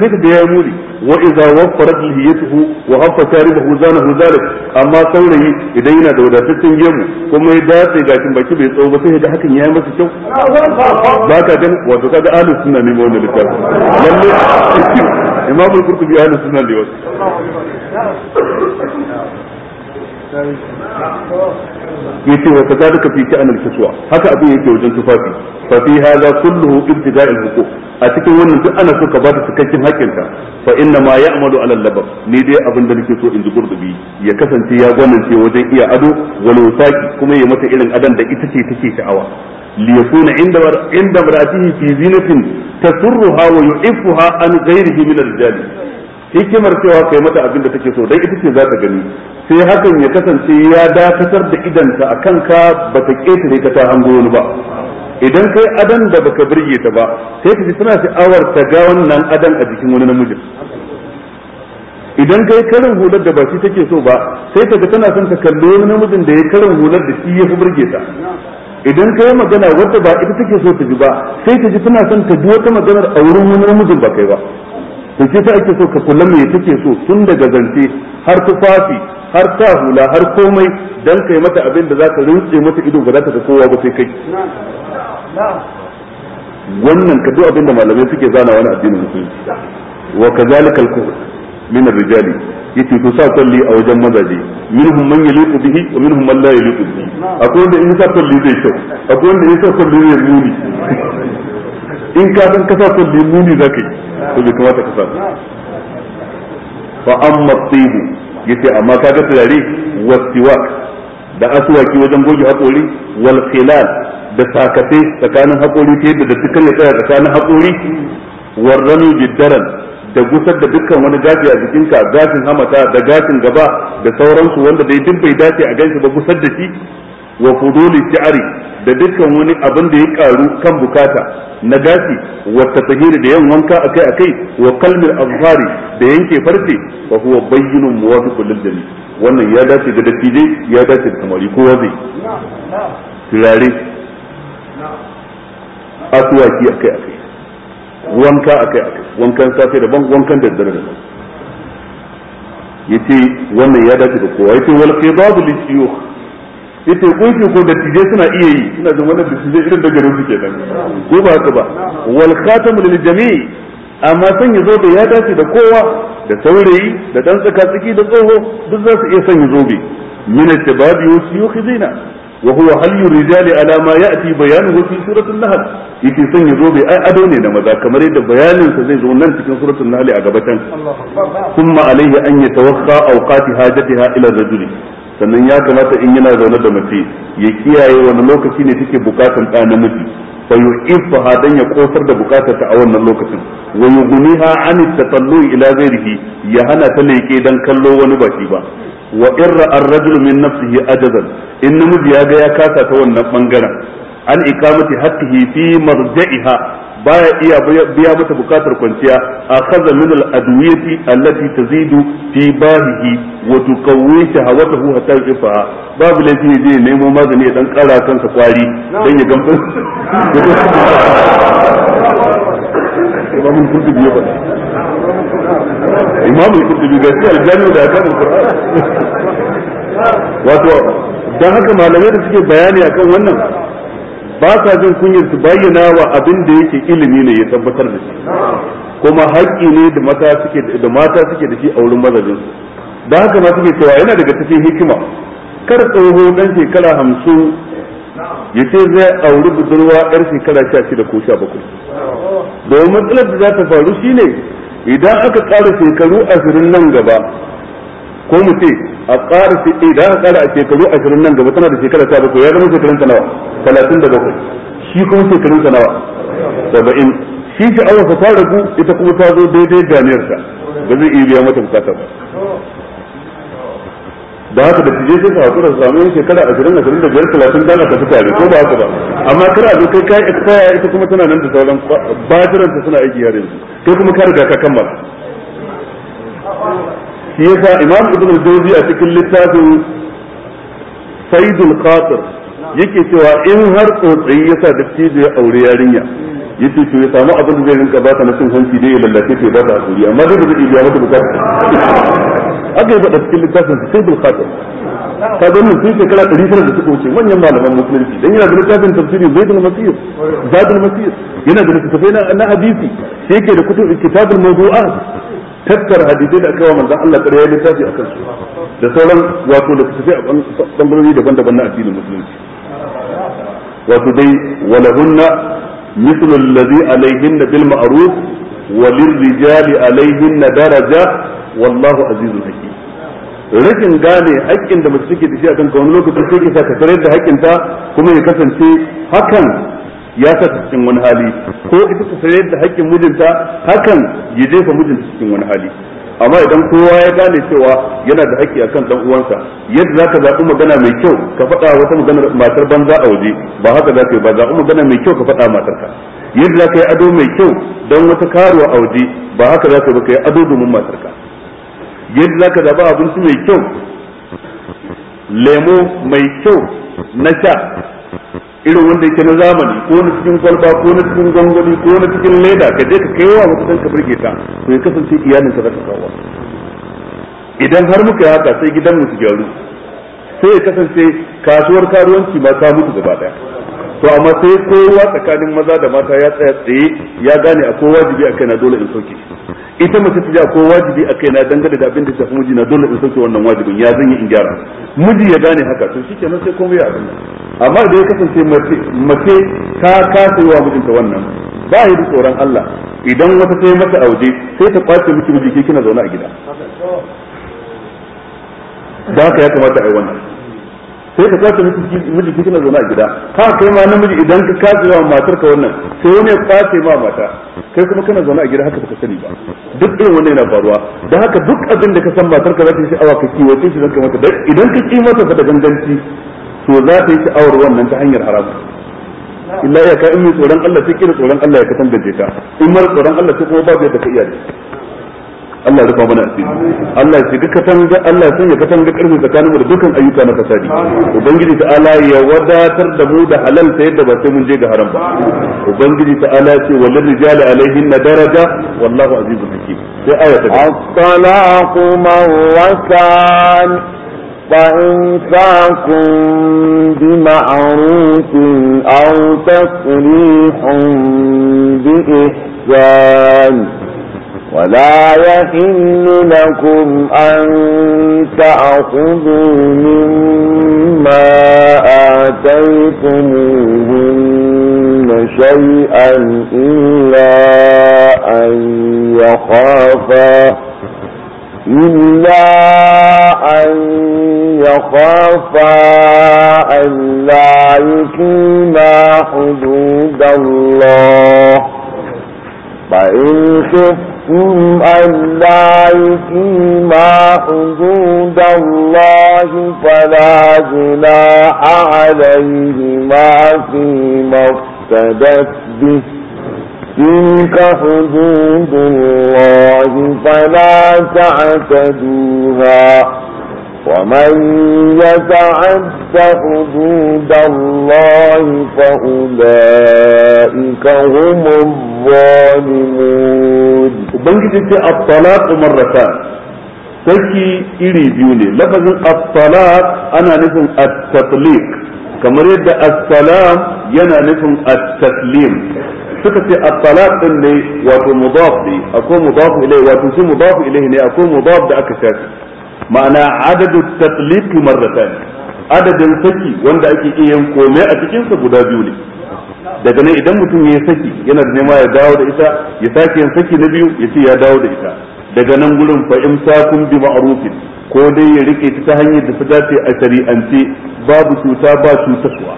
S1: sai ka yayi muni wa idza waffarat lihiyatuhu wa hafa sharibuhu zanahu zalik amma saurayi idan yana da wadataccen gemu kuma ya dace gashin baki bai tsawo ba sai da hakan yayi masa kyau ba ka dan wato kaga alu sunna ne wannan littafi lalle imam al-qurtubi ahli ta ne wasu yace wa kadalika fi sha'an al-kiswa haka abin yake wajen tufafi fa fi hadha kullu ibtida'i al-huquq a cikin wannan duk ana so ka bata cikakken hakinta fa inna ma ya'malu ala al-labab ni dai abin da nake so in ji qurtubi ya kasance ya gwanance wajen iya ado walau saki kuma ya mata irin adan da ita ce take sha'awa ليكون عند عند امرأته في زينة تسرها ويعفها عن غيره من الرجال hikimar cewa kai mata abin da take so dai ita ce za ta gani sai hakan ya kasance ya dakatar da idanta a kanka ba ta ƙetare ta hango wani ba idan kai adan da baka birge ta ba sai ta tana sha'awar ta ga wannan adan a jikin wani namijin idan kai karin hular da ba shi take so ba sai ka ga tana son ta kalli wani namijin da ya karin hular da shi ya fi birge ta idan ka magana wadda ba ita take so ta ji ba sai ta ji tana son ta ji wata maganar a wurin wani namijin ba kai ba to ce ta ake so ka kula me take so tun daga zance har tufafi har ta hula har komai dan kai mata abin da zaka rintse mata ido ba za ta ga kowa ba sai kai wannan ka abin da malamai suke zana wani addinin musulunci wa kazalikal kufr min ar-rijali yace to sa kwalli a wajen mazaje minhum man yaliqu bihi wa minhum man la yaliqu bihi akwai wanda in sa kwalli zai kyau akwai wanda in sa kwalli zai muni in ka san ka sa kwalli muni zaka
S3: yi
S1: to bai kamata ka sa fa amma tibu yace amma kaga turare wasiwak da aswaki wajen goge hakori wal khilal da sakate tsakanin hakori ta yadda da dukkan ya tsaya tsakanin hakori warranu jiddaran da gusar da dukkan wani gashi a jikinka gashin hamata da gashin gaba da sauransu wanda dai duk bai dace a ganshi ba gusar da shi wa fuduli shi'ari da dukkan wani abin da ya karu kan bukata na gashi wa tatahiri da yin wanka akai akai wa kalmil azhari da yanke farce wa huwa bayyinun muwafiqun lil jami wannan ya dace da dattijai ya dace da samari kowa zai turare asuwaki akai akai wanka akai akai wankan safe daban wankan daddare daban yace wannan ya dace da kowa yace wal qidadu li shuyukh yace kunki ko da tije suna iya yi suna da wannan tije irin da garin suke nan ko ba haka ba wal khatam lil jami' amma san yazo da ya dace da kowa da saurayi da dan tsaka tsiki da tsoho duk za su iya sanya bi min al wa shuyukh zina wa huwa hallu rijali ala ma ya'ti bayanuhu fi suratul nahl yake son ya zo ai ado ne da maza kamar yadda bayanin sa zai zo nan cikin suratun nahl a gabatan kuma alaihi an yatawakka awqati hajatiha ila rajuli sannan ya kamata in yana zaune da mace ya kiyaye wani lokaci ne take bukatan ɗa namiji fa yu'iffaha dan ya kosar da bukatar ta a wannan lokacin wa yughniha an tatallu ila ghairihi ya hana ta leke dan kallo wani baki ba wa irra ar-rajul min nafsihi ajazan in namiji ya ga ya kasa ta wannan bangaren an ikamati haqqihi fi marja'iha baya iya biya mata bukatar kwanciya a kaza min al-adwiyati allati tazidu fi bahihi wa tukawwi shahawatahu hatta yufa babu laifi je nemo magani ya dan kara kansa kwari dan ya gamba imamul qurtubi ya faɗa imamul qurtubi gaskiya aljanu da kan qur'an wato dan haka malamai da suke bayani akan wannan ba sa jin kunyar su bayyana wa abin da yake ilimi ne ya tabbatar da shi kuma haƙƙi ne da mata suke da mata suke da shi a wurin mazajin su da haka ma suke cewa yana daga cikin hikima kar tsoho dan shekara hamsin ya ce zai auri budurwa yar shekara sha shida ko sha bakwai domin matsalar da za ta faru shine idan aka ƙara shekaru ashirin nan gaba ko mu ce a ƙara su eh, idan aka ƙara a shekaru ashirin nan gaba tana da shekara ta bakwai ya zama shekarun ta nawa talatin da bakwai shi kuma shekarun ta nawa saba'in shi sha'awarsa ta ragu ita kuma ta zo daidai ganiyarsa ba zai iya biya mata bukata ba da haka da tije sai ka hakura su samu yin shekara ashirin ashirin da biyar talatin dala ka fi tare ko ba haka ba amma kira zo kai ka expire ita kuma tana nan da sauran ta suna aiki yare kai kuma ka riga ka kammala shi yasa imam ibn al-jawzi a cikin littafin saidul qatir yake cewa in har tsotsayi yasa dattijo ya aure yarinya yace to ya samu abin da zai rinka ba ta na cin hanci dai ya lallace ta ba ta hakuri amma dai ba zai biya mata bukata aka yi faɗa cikin littafin saidul qatir ka ga mun sai shekara 100 da suka wuce manyan malaman musulunci dan yana da littafin tafsiri zaidul masir zadul masir yana da littafai na hadisi sai yake da kutub kitabul mawdu'at tattara hadisai da aka yawa manzan Allah ya littafi a kansu da sauran wato da tafi a bangarori daban-daban na addinin musulunci wato dai walahunna mithlu allazi alaihinna bil ma'ruf walirrijali alaihinna daraja wallahu azizul hakim rashin gane haƙƙin da mace take da shi a kanka wani lokacin sai ke sa ka tarar da haƙƙinta kuma ya kasance hakan ya ta cikin wani hali ko ita ta sayar da haƙƙin mijinta hakan ya jefa mijinta cikin wani hali amma idan kowa ya gane cewa yana da haƙƙi akan dan uwansa yadda zaka zaɓi magana mai kyau ka faɗa wata maganar matar banza a waje ba haka zaka yi ba zaɓi magana mai kyau ka faɗa ka yadda zaka yi ado mai kyau don wata karuwa a waje ba haka zaka yi ba ka yi ado domin ka yadda zaka zaɓi abinci mai kyau lemo mai kyau na sha irin wanda yake na zamani ko na cikin kwalba ko na cikin gwangwani ko na cikin leda ka je ka kaiwa mutu dan ka burge ta to ya kasance iyalin ka zaka kawo idan har muka yi haka sai gidan mu su gyaru sai ya kasance kasuwar karuwanci ma ta mutu gaba daya to amma sai kowa tsakanin maza da mata ya tsaya tsaye ya gane a kowa jibi a na dole in sauke ita mace ta ji ko wajibi a kaina dangane da abin da shafi mijina dole in sauke wannan wajibin ya zan yi in gyara miji ya gane haka to kenan sai komai abin amma idan ya kasance mace mace ta kasa yi wa mijinta wannan ba yi da tsoron Allah idan wata ta yi mata a waje sai ta kwace miki miji ke kina zaune a gida da haka ya kamata a yi wannan sai ka kwace miji kike na zaune a gida ha kai ma namiji idan ka kace wa matar ka wannan sai wani ya kwace ma mata kai kuma kana zaune a gida haka baka sani ba duk irin wannan yana faruwa dan haka duk abin da ka san matar ka za ta yi sha'awa ka kiwace shi zaka mata idan ka ki mata da ganganci to za ta yi sha'awar wannan ta hanyar haram illa ya ka in mai tsoron Allah sai kira tsoron Allah ya kasance da jeka in mara tsoron Allah sai kuma babu yadda ka iya Allah ya rufa mana asiri Allah ya ga katanga Allah ya sanya katanga karfi tsakanin mu da dukkan ayyuka na fasadi ubangiji ta ala ya wadatar da mu da halal ta yadda ba sai mun je ga haram ba ubangiji ta ala ce walil rijali na daraja wallahu azizul hakim sai aya ta at-talaqu
S2: marwatan فإنفاق بمعروف أو تسريح بإحسان ولا يحل لكم أن تأخذوا مما آتيتموهن شيئا إلا أن يخافا إلا أن يخافا أن لا يكيما حدود الله فإن خفت من أن لا يقيما حدود الله فلا جناح عليهما فيما افتدت به تلك حدود الله فلا تعتدوها ومن يتعد حدود الله فأولئك هم الظالمون
S1: ubangiji ce at-talaq marratan saki iri biyu ne lafazin at-talaq ana nufin at-tatliq kamar yadda as-salam yana nufin at-taslim suka ce at-talaq din ne wato mudaf ne akwai mudaf ilayhi wato shi mudaf ilayhi ne akwai mudaf da aka shafi ma'ana adadu at-tatliq marratan adadin saki wanda ake iya yin komai a cikin sa guda biyu ne daga nan idan mutum ya saki yana da nema ya dawo da ita ya sake yin saki na biyu ya ce ya dawo da ita daga nan gurin fa sakun bi ma'rufin ko dai ya rike ta hanyar da ta dace a shari'ance babu cuta ba cutarwa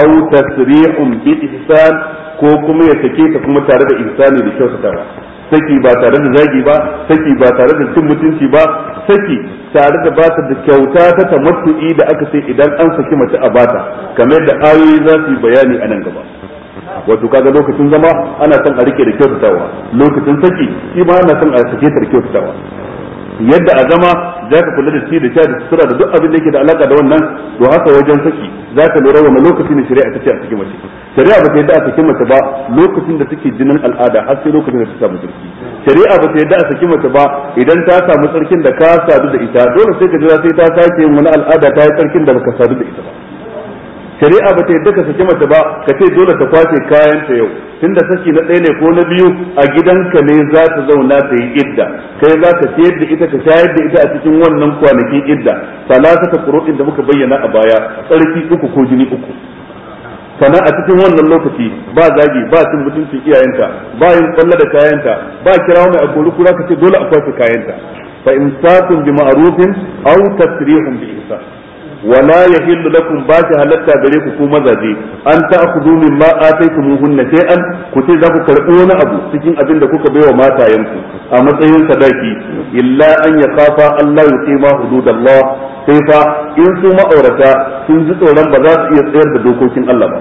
S1: aw tasri'un bi ihsan ko kuma ya sake ta kuma tare da ihsani da kyau kyautatawa saki ba tare da zagi ba saki ba tare da cin mutunci ba saki tare da ba ta da kyauta ta tamattu'i da aka sai idan an saki mace a bata kamar da ayoyi za su yi bayani a nan gaba wato kaga lokacin zama ana son a rike da kyautatawa lokacin saki shi ma ana son a sake ta da kyautatawa yadda a zama za ka kula da shi da sha da sutura da duk abin da yake da alaka da wannan to haka wajen saki za ka lura wani lokaci ne shari'a ta ce a cikin mace shari'a ba ta yadda a cikin mace ba lokacin da take jinin al'ada har sai lokacin da ta samu tsarki shari'a ba ta yadda a cikin mace ba idan ta samu tsarkin da ka sadu da ita dole sai ka jira sai ta sake yin wani al'ada ta yi tsarkin da baka sadu da ita ba shari'a ba ta yadda ka saki mace ba ka ce dole ta kwace kayan ta yau tunda saki na ɗaya ne ko na biyu a gidanka ne za ta zauna ta yi idda kai za ka ciyar da ita ka shayar da ita a cikin wannan kwanakin idda ta kuru'in da muka bayyana a baya tsarki uku ko jini uku sana a cikin wannan lokaci ba zagi ba cin mutunci iyayenta ba yin kwallo da kayanta ba kirawo mai akori kura ka ce dole a kwace kayanta fa in satun bi ma'rufin aw tasrihun bi ihsan wala yahillu lakum ba ta halatta gare ku ko mazaje an ta'khudhu mimma ataytumuhunna shay'an ku ce za ku karbi wani abu cikin abin da kuka baiwa yanku a matsayin sadaki illa an yakafa Allah yuqima allah sai fa in su ma'aurata sun ji tsoron ba za su iya tsayar da dokokin Allah ba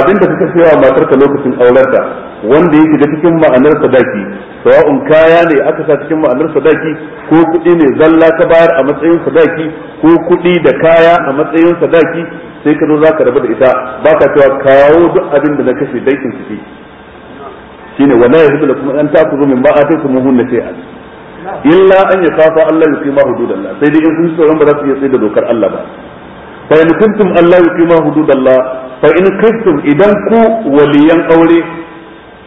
S1: abin da kuka sayawa matarka lokacin aurenta wanda yake da cikin ma'anar sadaki sawa'un kaya ne aka sa cikin ma'anar sadaki ko kuɗi ne zalla ka bayar a matsayin sadaki ko kuɗi da kaya a matsayin sadaki sai ka zo za ka rabu da ita ba ka cewa kawo duk abin da na kashe daikin ciki shine wala yahdu ta an ta'khudhu min ma ataytumuhunna shay'an illa an kafa Allah da Allah sai dai in sun tsoron ba za su iya tsaye da dokar Allah ba fa in kuntum Allah yuqima hududallah fa in kuntum idan ku waliyan aure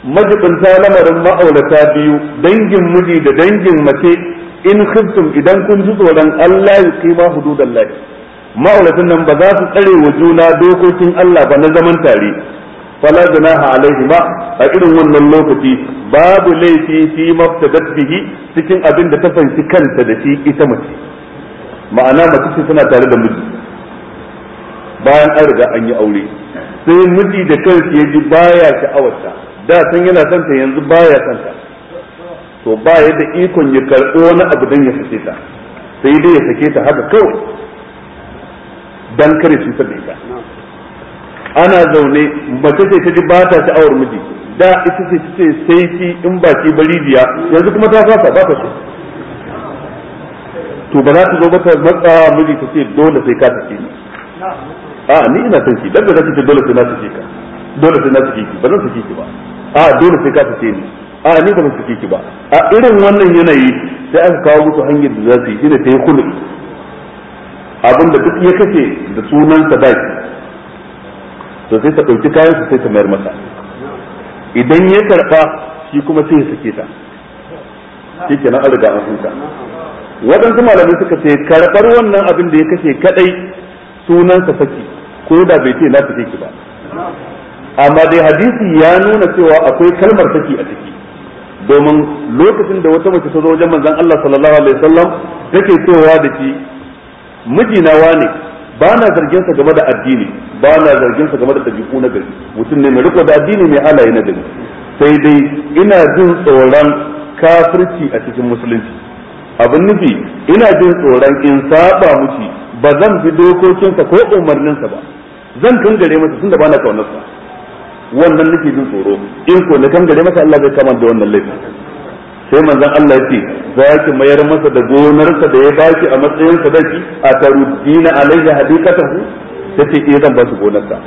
S1: majibinta lamarin ma'aurata biyu dangin miji da dangin mace in khiftum idan kun ji tsoron Allah ya kima lahi ma'auratan nan ba za su tsare wa juna dokokin Allah ba na zaman tare fala junaha alaihi ba a irin wannan lokaci babu laifi fi maftadat bihi cikin abin da ta fanci kanta da shi ita mace ma'ana mace ce tana tare da miji bayan an riga an yi aure sai miji da kansa ya ji baya sha'awarta da san yana son ta yanzu baya son ta to ba ya da ikon ya karɓi wani abu don ya sake ta sai dai ya sake ta haka kawai dan kare shi da ta. ana zaune mace ce ta ji ba ta awar miji da ita ce ce sai ki in ba ki bari biya yanzu kuma ta fasa ba ta so to ba za ta zo ba ta matsa miji ta ce dole sai ka ce ni a ni ina son ki dan da za ta ce dole sai na sake ka dole sai na sake ki ba zan sake ki ba a dole sai ka fice ni a ni ba sake ki ba a irin wannan yanayi sai aka kawo musu hanyar da za su yi shine ta yi kulli abinda duk ya kace da sunan sadaki to sai ta dauki kayan sa sai ta mayar masa idan ya karba shi kuma sai ya sake ta shikenan an riga an huta waɗansu malamai suka ce karɓar wannan abin da ya kashe kadai sunan sa saki ko da bai ce na sake ki ba amma dai hadisi ya nuna cewa akwai kalmar saki a ciki domin lokacin da wata mace ta zo wajen manzon Allah sallallahu alaihi wasallam take cewa da shi mijina wane ba na zargin sa game da addini ba na zargin sa game da dabi'u na gari mutum ne mai riko da addini mai halaye na gari sai dai ina jin tsoron kafirci a cikin musulunci abin nufi ina jin tsoron in saba mushi ba zan bi dokokinsa ko umarninsa ba zan tungare masa tunda ba na kaunarsa wannan nake jin tsoro in ko na gare masa Allah zai kama da wannan laifin sai manzon Allah ya ce za ki mayar masa da gonarsa da ya baki a matsayin sadaki a tarudina alayhi hadiqatahu sai ce eh, zan ba su gonarsa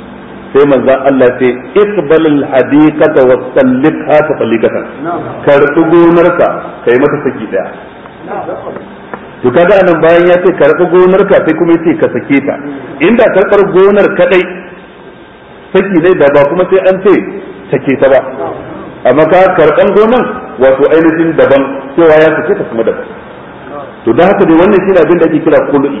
S1: sai manzan Allah ce iqbal al hadiqata wa sallikha ta sallikata karbi gonarka kai mata saki daya to kaga anan bayan ya ce karbi gonarka sai kuma yace ka sake ta inda karbar gonar kadai saki dai da ba kuma sai an ce sake ta ba amma ka karɓan gonan wato ainihin daban cewa ya sake ta kuma daban to da haka dai wannan shine abin da ake kira kulu'i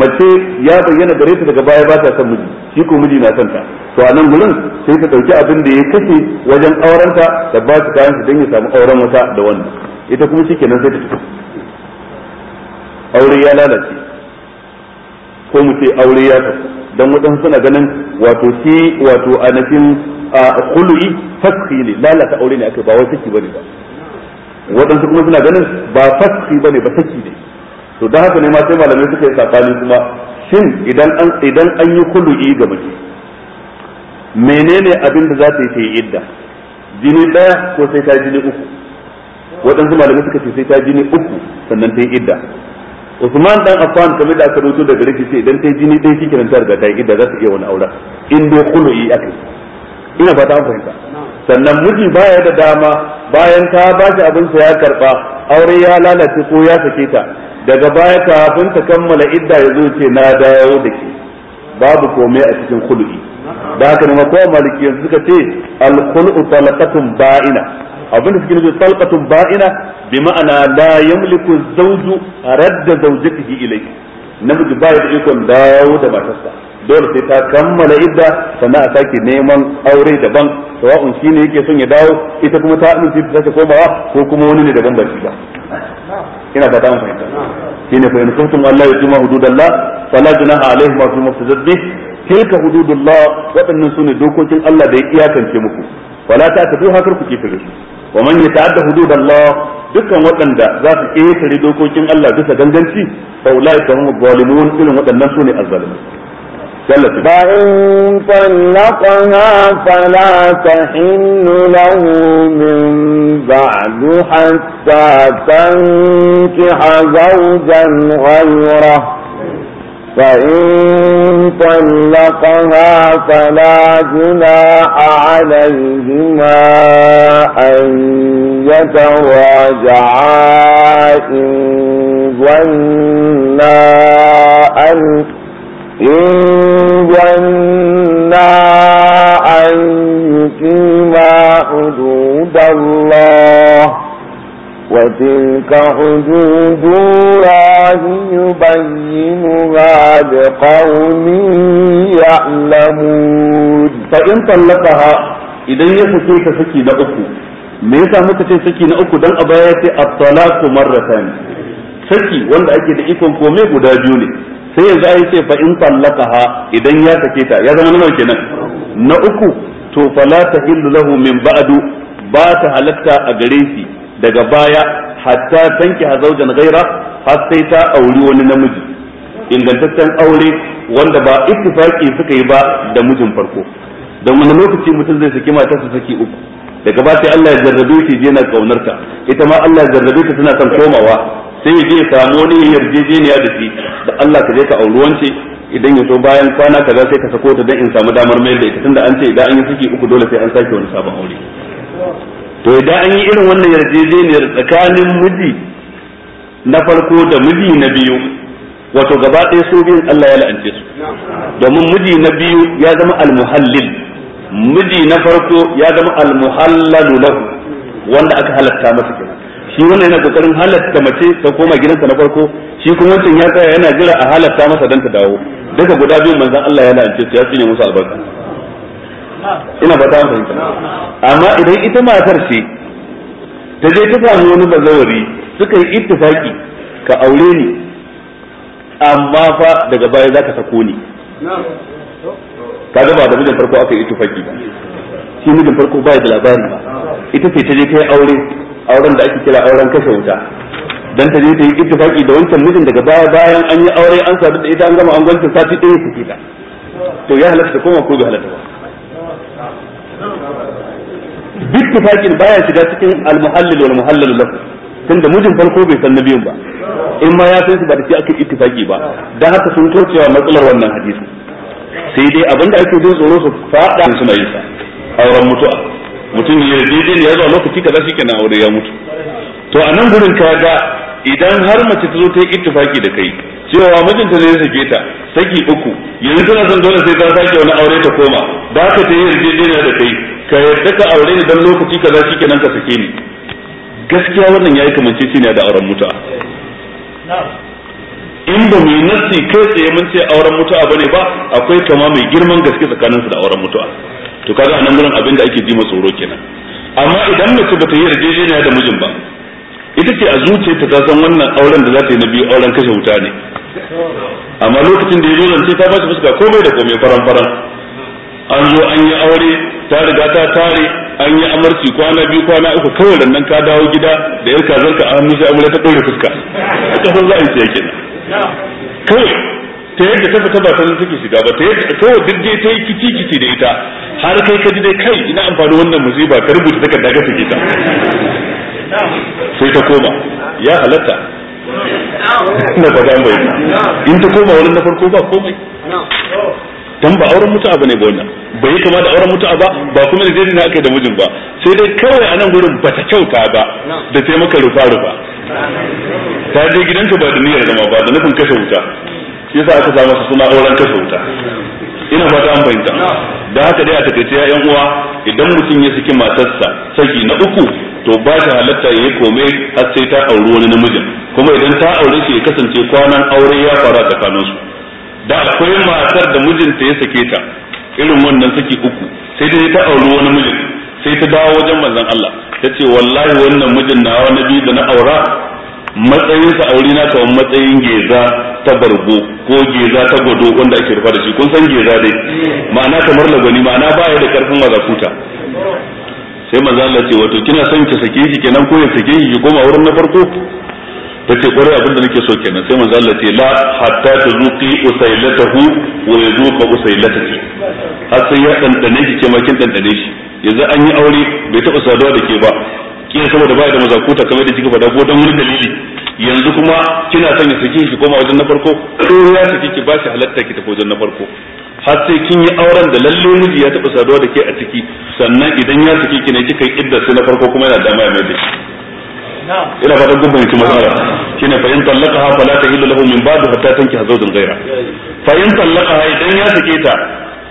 S1: mace ya bayyana gare ta daga baya ba ta son miji shi ko miji na son ta to a nan gurin sai ta dauki abin da ya kashe wajen aurenta da ba su kayan su don ya samu auren wata da wannan ita kuma kenan sai ta tafi aure ya lalace ko mu ce aure ya tafi dan wadan suna ganin wato shi wato anafin khulu'i fasfi ne lalata aure ne aka ba wai saki bane ba waɗansu kuma suna ganin ba faski bane ba saki ne to dan haka ne ma sai malamai suka yi sakani kuma shin idan an idan an yi khulu'i ga mace menene abin da za ta yi ta yi idda jini ɗaya ko sai ta jini uku waɗansu malamai suka ce sai ta jini uku sannan ta yi idda Usman dan Affan kamar da aka rubuto daga rikici idan ta yi jini dai shi kiran ta riga ta yi da za ta iya wani aura in dai yi aka ina fata an fahimta sannan miji baya da dama bayan ta ba shi abin sa ya karba aure ya lalace ko ya sake ta daga baya kafin ta kammala idda ya zo ce na dawo da ke babu komai a cikin kullu da haka ne makowa maliki yanzu suka ce alkhulu talqatun ba'ina abinda suke nufi talqatun ba'ina bi ma'ana la yamliku zawju radda zawjatihi ilayhi namiji ba da ikon dawo da matarsa dole sai ta kammala idda sannan a sake neman aure daban sawa'un shine yake son ya dawo ita kuma ta amince ta sake komawa ko kuma wani ne daban ba shi ba ina fata mun fahimta shine fa in kuntum wallahi yutima hududallah fala junaha alaihim ma fi tilka hududullah waɗannan sune dokokin Allah da ya iyakance muku wala ta ta duha kar ku kifire su wa man yata'adda hududallah dukkan waɗanda za su ƙetare dokokin Allah bisa ganganci fa ulaika hum zalimun irin waɗannan sune azzalimin فإن
S2: طلقها فلا تحل له من بعد حتى تنكح زوجا غيره فإن طلقها فلا جناح عليهما أن يتراجعا إن ظنا أن أن يقيما حدود الله وتلك حدود الله يبينها لقوم يعلمون
S1: فإن طلقها idan ya fito saki na uku me yasa muka ce saki na uku dan a baya ce at-talaqu marratan saki wanda ake da ikon kome guda biyu sai yanzu ya ce fa in tallaqaha idan ya sake ta ya zama nawa kenan na uku to fala tahillu lahu min ba'du ba ta halatta a gare shi daga baya hatta tanki hazaujan gaira har sai ta auri wani namiji ingantaccen aure wanda ba ittifaki suka yi ba da mijin farko don wani lokaci mutum zai saki mata su saki uku daga ba sai Allah ya jarrabe ki je na kaunarta ita ma Allah ya jarrabe ta tana son komawa sai ya je ya samu wani yarjejeniya da shi da Allah ka je ka auri wance idan ya so bayan kwana ka kaza sai ka sako ta dan in samu damar mayar da ita tunda an ce idan an yi saki uku dole sai an sake wani sabon
S3: aure
S1: to idan an yi irin wannan yarjejeniyar tsakanin miji na farko da miji na biyu wato gaba ɗaya su biyun Allah ya la'ance su domin miji na biyu ya zama almuhallil miji na farko ya zama almuhallalu lahu wanda aka halatta masa kenan shi wannan yana kokarin halatta mace ta koma gidansa na farko shi kuma wancan ya tsaya yana jira a halatta masa dan ta dawo duka guda biyun manzon Allah ya la'ance su ya tsine musu albarka ina ba ta fahimta amma idan ita matar ce ta je ta samu wani bazawari suka yi ittifaki ka aure ni amma fa daga baya za ka sako ni kaga ba da mijin farko aka yi ittifaki ba shi mijin farko ba da labari ba ita ce ta je ta yi aure auren da ake kira auren kashe wuta dan ta je ta yi ittifaki da wancan mijin daga baya bayan an yi aure an sadu da ita an gama an gwanta sati ɗaya su ta to ya halatta kuma ko bai halatta ba bittifaqin baya shiga cikin al-muhallil wal muhallil lahu tunda mijin farko bai san nabiyin ba in ma ya san shi ba da shi aka ittifaki ba dan haka sun kaucewa matsalar wannan hadisi sai dai abinda ake jin tsoro su fada su mai sa auren mutu'a mutum ya daidai ne ya zo lokaci kaza shikenan aure ya mutu to a nan gurin ka ga idan har mace ta zo ta yi ittifaki da kai cewa mijinta ne ya sake ta saki uku yanzu tana son dole sai ta sake wani aure ta koma da haka ta yi yarjejeniya da kai ka yarda ka aure ni dan lokaci kaza shikenan ka sake ni gaskiya wannan yayi kamanceceniya da auren mutu'a in ba mu nasi kai tsaye mun ce auren mutu'a bane ba akwai kama mai girman gaske tsakaninsu da auren mutu'a to kaga anan gurin abin da ake ji ma tsoro kenan amma idan mace bata yi yarjejeniya da mijin ba ita ce a zuciyarta ta san wannan auren da za ta yi na biyu auren kashe wuta ne amma lokacin da ya zo zance ta shi fuska komai da komai faran faran an zo an yi aure ta riga ta tare an yi amarci kwana biyu kwana uku kawai da nan ka dawo gida da yarka zarka ka a hannu sai amure ta ɗaure fuska
S3: a
S1: ƙasar za a yi yake
S3: kenan kawai
S1: ta yadda ta fita ba ta nan take shiga ba ta yadda kawai duk dai ta yi kici kici da ita har kai ka ji dai kai ina amfani wannan musiba ka rubuta takarda ka sake ta
S3: sai ta koma ya halatta na faɗa bai in
S1: ta koma wani na farko ba komai dan ba auren mutu'a bane ba wannan bai kama da auren mutu'a ba ba kuma da jini aka da mijin ba sai dai kawai a nan gurin ta kyauta ba da ta maka rufa rufa ta je ta ba da niyyar zama ba da nufin kashe wuta yasa aka samu su suna auren kashe wuta ina ba ta an fahimta da haka dai a takaice ya yan uwa idan mutum ya saki matarsa saki na uku to ba ta halatta ya kome har sai ta auri wani namijin kuma idan ta aure shi ya kasance kwanan aure ya fara tsakaninsu da akwai matar da mijinta ya sake ta irin wannan saki uku sai dai ta auri wani mijin sai ta dawo wajen manzon Allah ta ce wallahi wannan mijin na wani biyu da na aura matsayinsa aure na kawai matsayin geza ta bargo ko geza ta gado, wanda ake rufa da shi kun san geza dai ma'ana kamar lagwani ma'ana baya da karfin mazakuta sai manzon Allah ce wato kina son ki sake shi kenan ko ya sake shi ki koma wurin na farko yace kwarai abin da nake so kenan sai manzo Allah ce la hatta tuzuqi usailatahu wa yuzuqa usailatahu har sai ya dandane ki kema kin dandane shi yanzu an yi aure bai taba saduwa da ke ba kina saboda baya da mazakuta kamar da kika faɗa ko dan wani dalili yanzu kuma kina son ya saki shi koma wajen na farko ko ya saki ki ba shi halatta ki tafi wajen na farko har sai kin yi auren da lalle miji ya taba saduwa da ke a ciki sannan idan ya saki ki ne kika yi iddar sai na farko kuma yana dama ya mai da shi ina fatan kun bayyana matsala shine fa in tallaqaha fala tahillu lahu min ba'd hatta tankiha zawjan ghayra fa in tallaqaha idan ya sake ta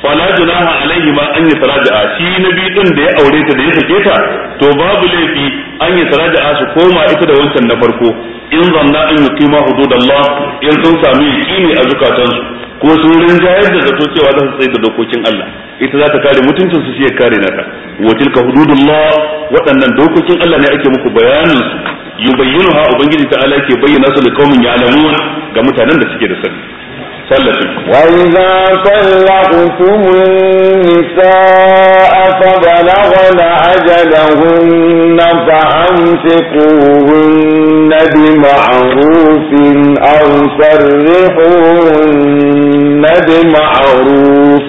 S1: fala junaha alaihi ma an yataraja'a shi na biyu din da ya aure ta da ya sake ta to babu laifi an yataraja'a su koma ita da wancan na farko in zanna an yuqima hududallah in sun sami yaqini a zukatansu ko sun rinjayar da zato cewa za su tsaye da dokokin Allah ita za ta kare mutuncin su shi ya kare nata wa tilka hududullah waɗannan dokokin Allah ne ake muku bayanin su yubayyinuha ubangiji ta'ala yake bayyana su da qaumin ya'lamun ga mutanen da suke da sani
S2: وإذا طلقتم النساء فبلغن أجلهن فأمسكوهن بمعروف أو سرحوهن بمعروف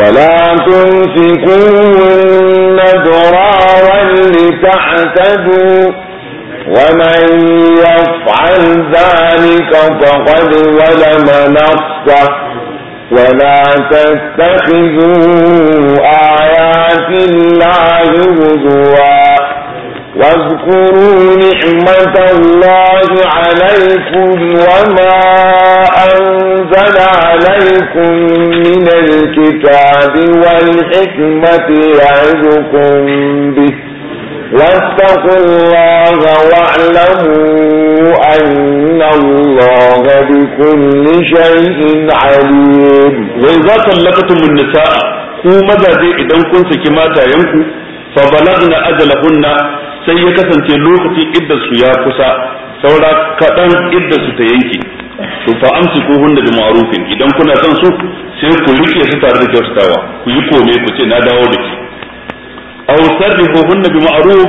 S2: ولا تمسكوهن ضرارا لتعتدوا ومن يفعل ذلك فقد ولم نفسه ولا تتخذوا آيات الله هزوا واذكروا نعمة الله عليكم وما أنزل عليكم من الكتاب والحكمة يعزكم به واتقوا الله واعلموا أن الله
S1: بكل شيء عليم وإذا طلقتم النساء كوما ذي إذا كن سكماتا ينكو فبلغنا أجلهن سيكة تلوكة إدى سيا kusa, saura kaɗan idda su ta yanke to fa amsikuhun da ma'rufin idan kuna son su sai ku rike su tare da kyautatawa ku yi kome ku ce na dawo da aw sarrifuhunna bi ma'ruf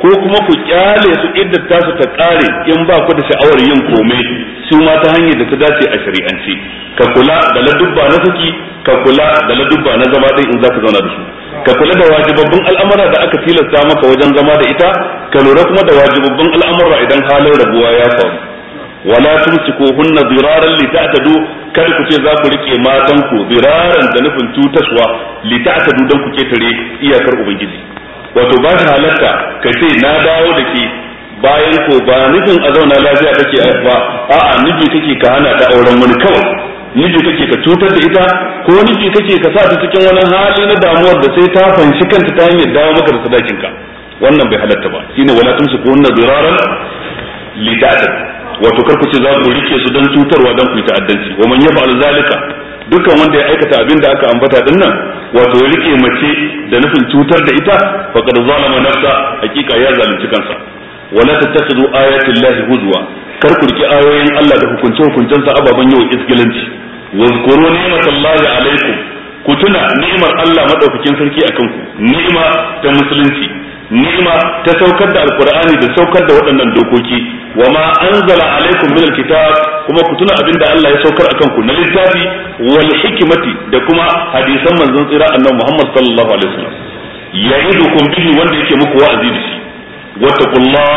S1: ko kuma ku kyale su idda ta su ta kare in ba ku da sha'awar yin komai su ma ta hanyar da ta dace a shari'ance ka kula da ladubba na saki ka kula da ladubba na zama dai in za ka zauna da su ka kula da wajibabbin al'amura da aka tilasta maka wajen zama da ita ka lura kuma da wajibabbin al'amura idan halin rabuwa ya faru wala hunna diraran lita'tadu kada ku ce za ku rike matan ku diraran da nufin tutaswa lita'tadu dan ku ke tare iyakar ubangiji wato ba ta halatta ka ce na dawo da ke bayan ko ba nufin a zauna lafiya kake ba a'a niji kake ka hana ta auren wani kawai niji kake ka cutar da ita ko niji kake ka sa ta cikin wani hali na damuwar da sai ta fanshi kanta ta hanyar dawo maka da sadakin ka wannan bai halatta ba shine wala tumsiku hunna diraran ta'tadu wato karku ce za ku rike su don cutarwa don ku yi ta'addanci wa man yafa'al zalika dukkan wanda ya aikata abin da aka ambata din nan wato ya rike mace da nufin cutar da ita faqad zalama nafsa hakika ya zalunci kansa wala tattakhidhu ayati llahi huzwa kar ku rike ayoyin Allah da hukuncin sa ababan yau isgilanci zkuru ni'matallahi alaikum ku tuna ni'imar Allah madaukakin sarki akan ku ni'ima ta musulunci ni'ima ta saukar da alkur'ani da saukar da waɗannan dokoki wa ma anzala alaikum min alkitab kuma ku tuna abinda Allah ya saukar akan ku na littafi wal hikmati da kuma hadisan manzon tsira annabi Muhammad sallallahu alaihi wasallam ya'idukum bihi wanda yake muku wa'azi da shi wattaqullah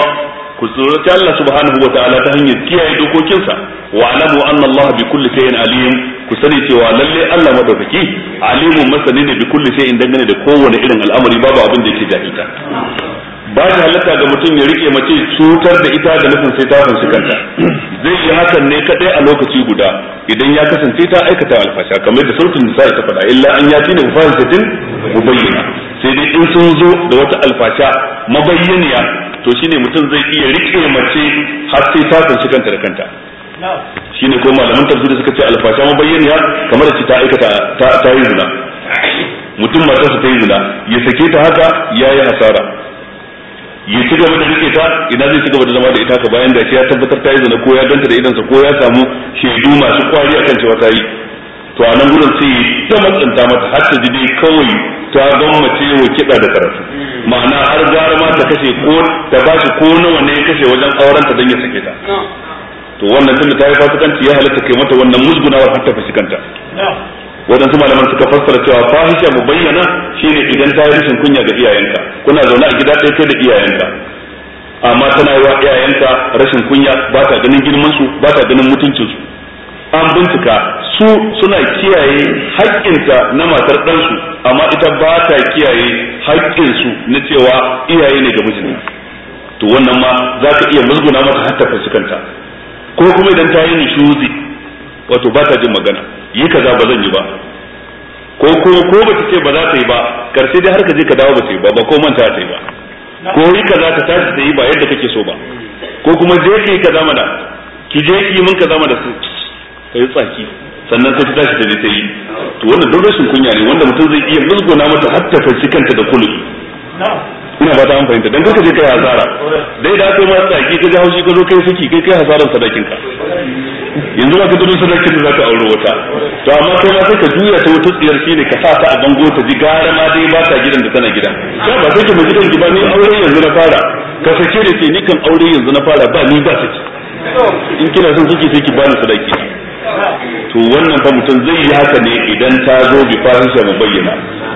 S1: ku tsoraci Allah subhanahu wa ta'ala ta hanyar kiyaye dokokinsa wa alamu anna Allah bi kulli shay'in alim ku sani cewa lalle Allah madaukaki alimun masani ne bi kulli shay'in dangane da kowane irin al'amari babu abin da yake jahilta ba ta halatta ga mutum ya rike mace cutar da ita da nufin sai ta fansu kanta zai yi hakan ne kadai a lokaci guda idan ya kasance ta aikata alfasha kamar da sautin nisa ta faɗa illa an yati ne fasatin mubayyana sai dai in sun zo da wata alfasha mabayyaniya to shine mutum zai iya rike mace har sai ta tsanci kanta da kanta shine ko malaman tafsiri suka ce alfasha ma bayyana kamar da ta aikata ta yi zina mutum matarsa ta yi zina ya sake ta haka ya yi hasara ya ci gaba da rike ta ina zai ci gaba da zama da ita ka bayan da shi ya tabbatar ta yi zina ko ya danta da idansa ko ya samu shaidu masu kwari akan cewa ta yi to a nan gudun sai ta matsanta mata har ta jide kawai ta mace wa kiɗa da karatu ma'ana har gara ma ta kashe ko ta ba ko nawa ne ya kashe wajen auren ta don ya sake ta to wannan tunda ta yi fasikanci ya halatta kai mata wannan musgunawar har ta fasikanta su malaman suka fassara cewa fahisha mu bayyana shine idan ta yi rashin kunya ga iyayenka kuna zaune a gida ɗaya kai da iyayenka amma tana yi wa iyayenka rashin kunya ba ta ganin girmansu ba ta ganin mutuncinsu. an bincika su suna kiyaye haƙƙinta na matar ɗansu amma ita ba ta kiyaye haƙƙinsu na cewa iyaye ne ga mijini. to wannan ma za ka iya musguna mata hatta ta kanta ko kuma idan ta yi nishuzi wato ba ta jin magana yi kaza ba zan yi ba ko ko ko ba ta ce ba za ta yi ba karshe dai har ka je ka dawo ba ta yi ba ba ko manta ta yi ba ko yi kaza ta tashi ta yi ba yadda kake so ba ko kuma je ki kaza mana ki je ki mun kaza mana ta tsaki sannan sai ta tashi ta ta yi to wannan duk rashin kunya ne wanda mutum zai iya musguna mata har ta fanci kanta da kulubi ina ta an fahimta dan kaka je kai hasara dai da kai ma tsaki ka ga haushi ka zo kai saki kai kai hasaran sadakin ka yanzu ba ka tudu sadakin da ka aure wata to amma kai ma sai ka juya ta wata tsiyar ne ka sa ta a bango ta ji gara ma dai ba ta gidan da tana gidan ya ba sai ka mu gidan ki ba ni aure yanzu na fara ka sake da ke ni aure yanzu na fara ba ni ba saki in kina son kike sai ki bani sadaki to wannan fa mutum zai yi haka ne idan ta zo bi fahisha mu bayyana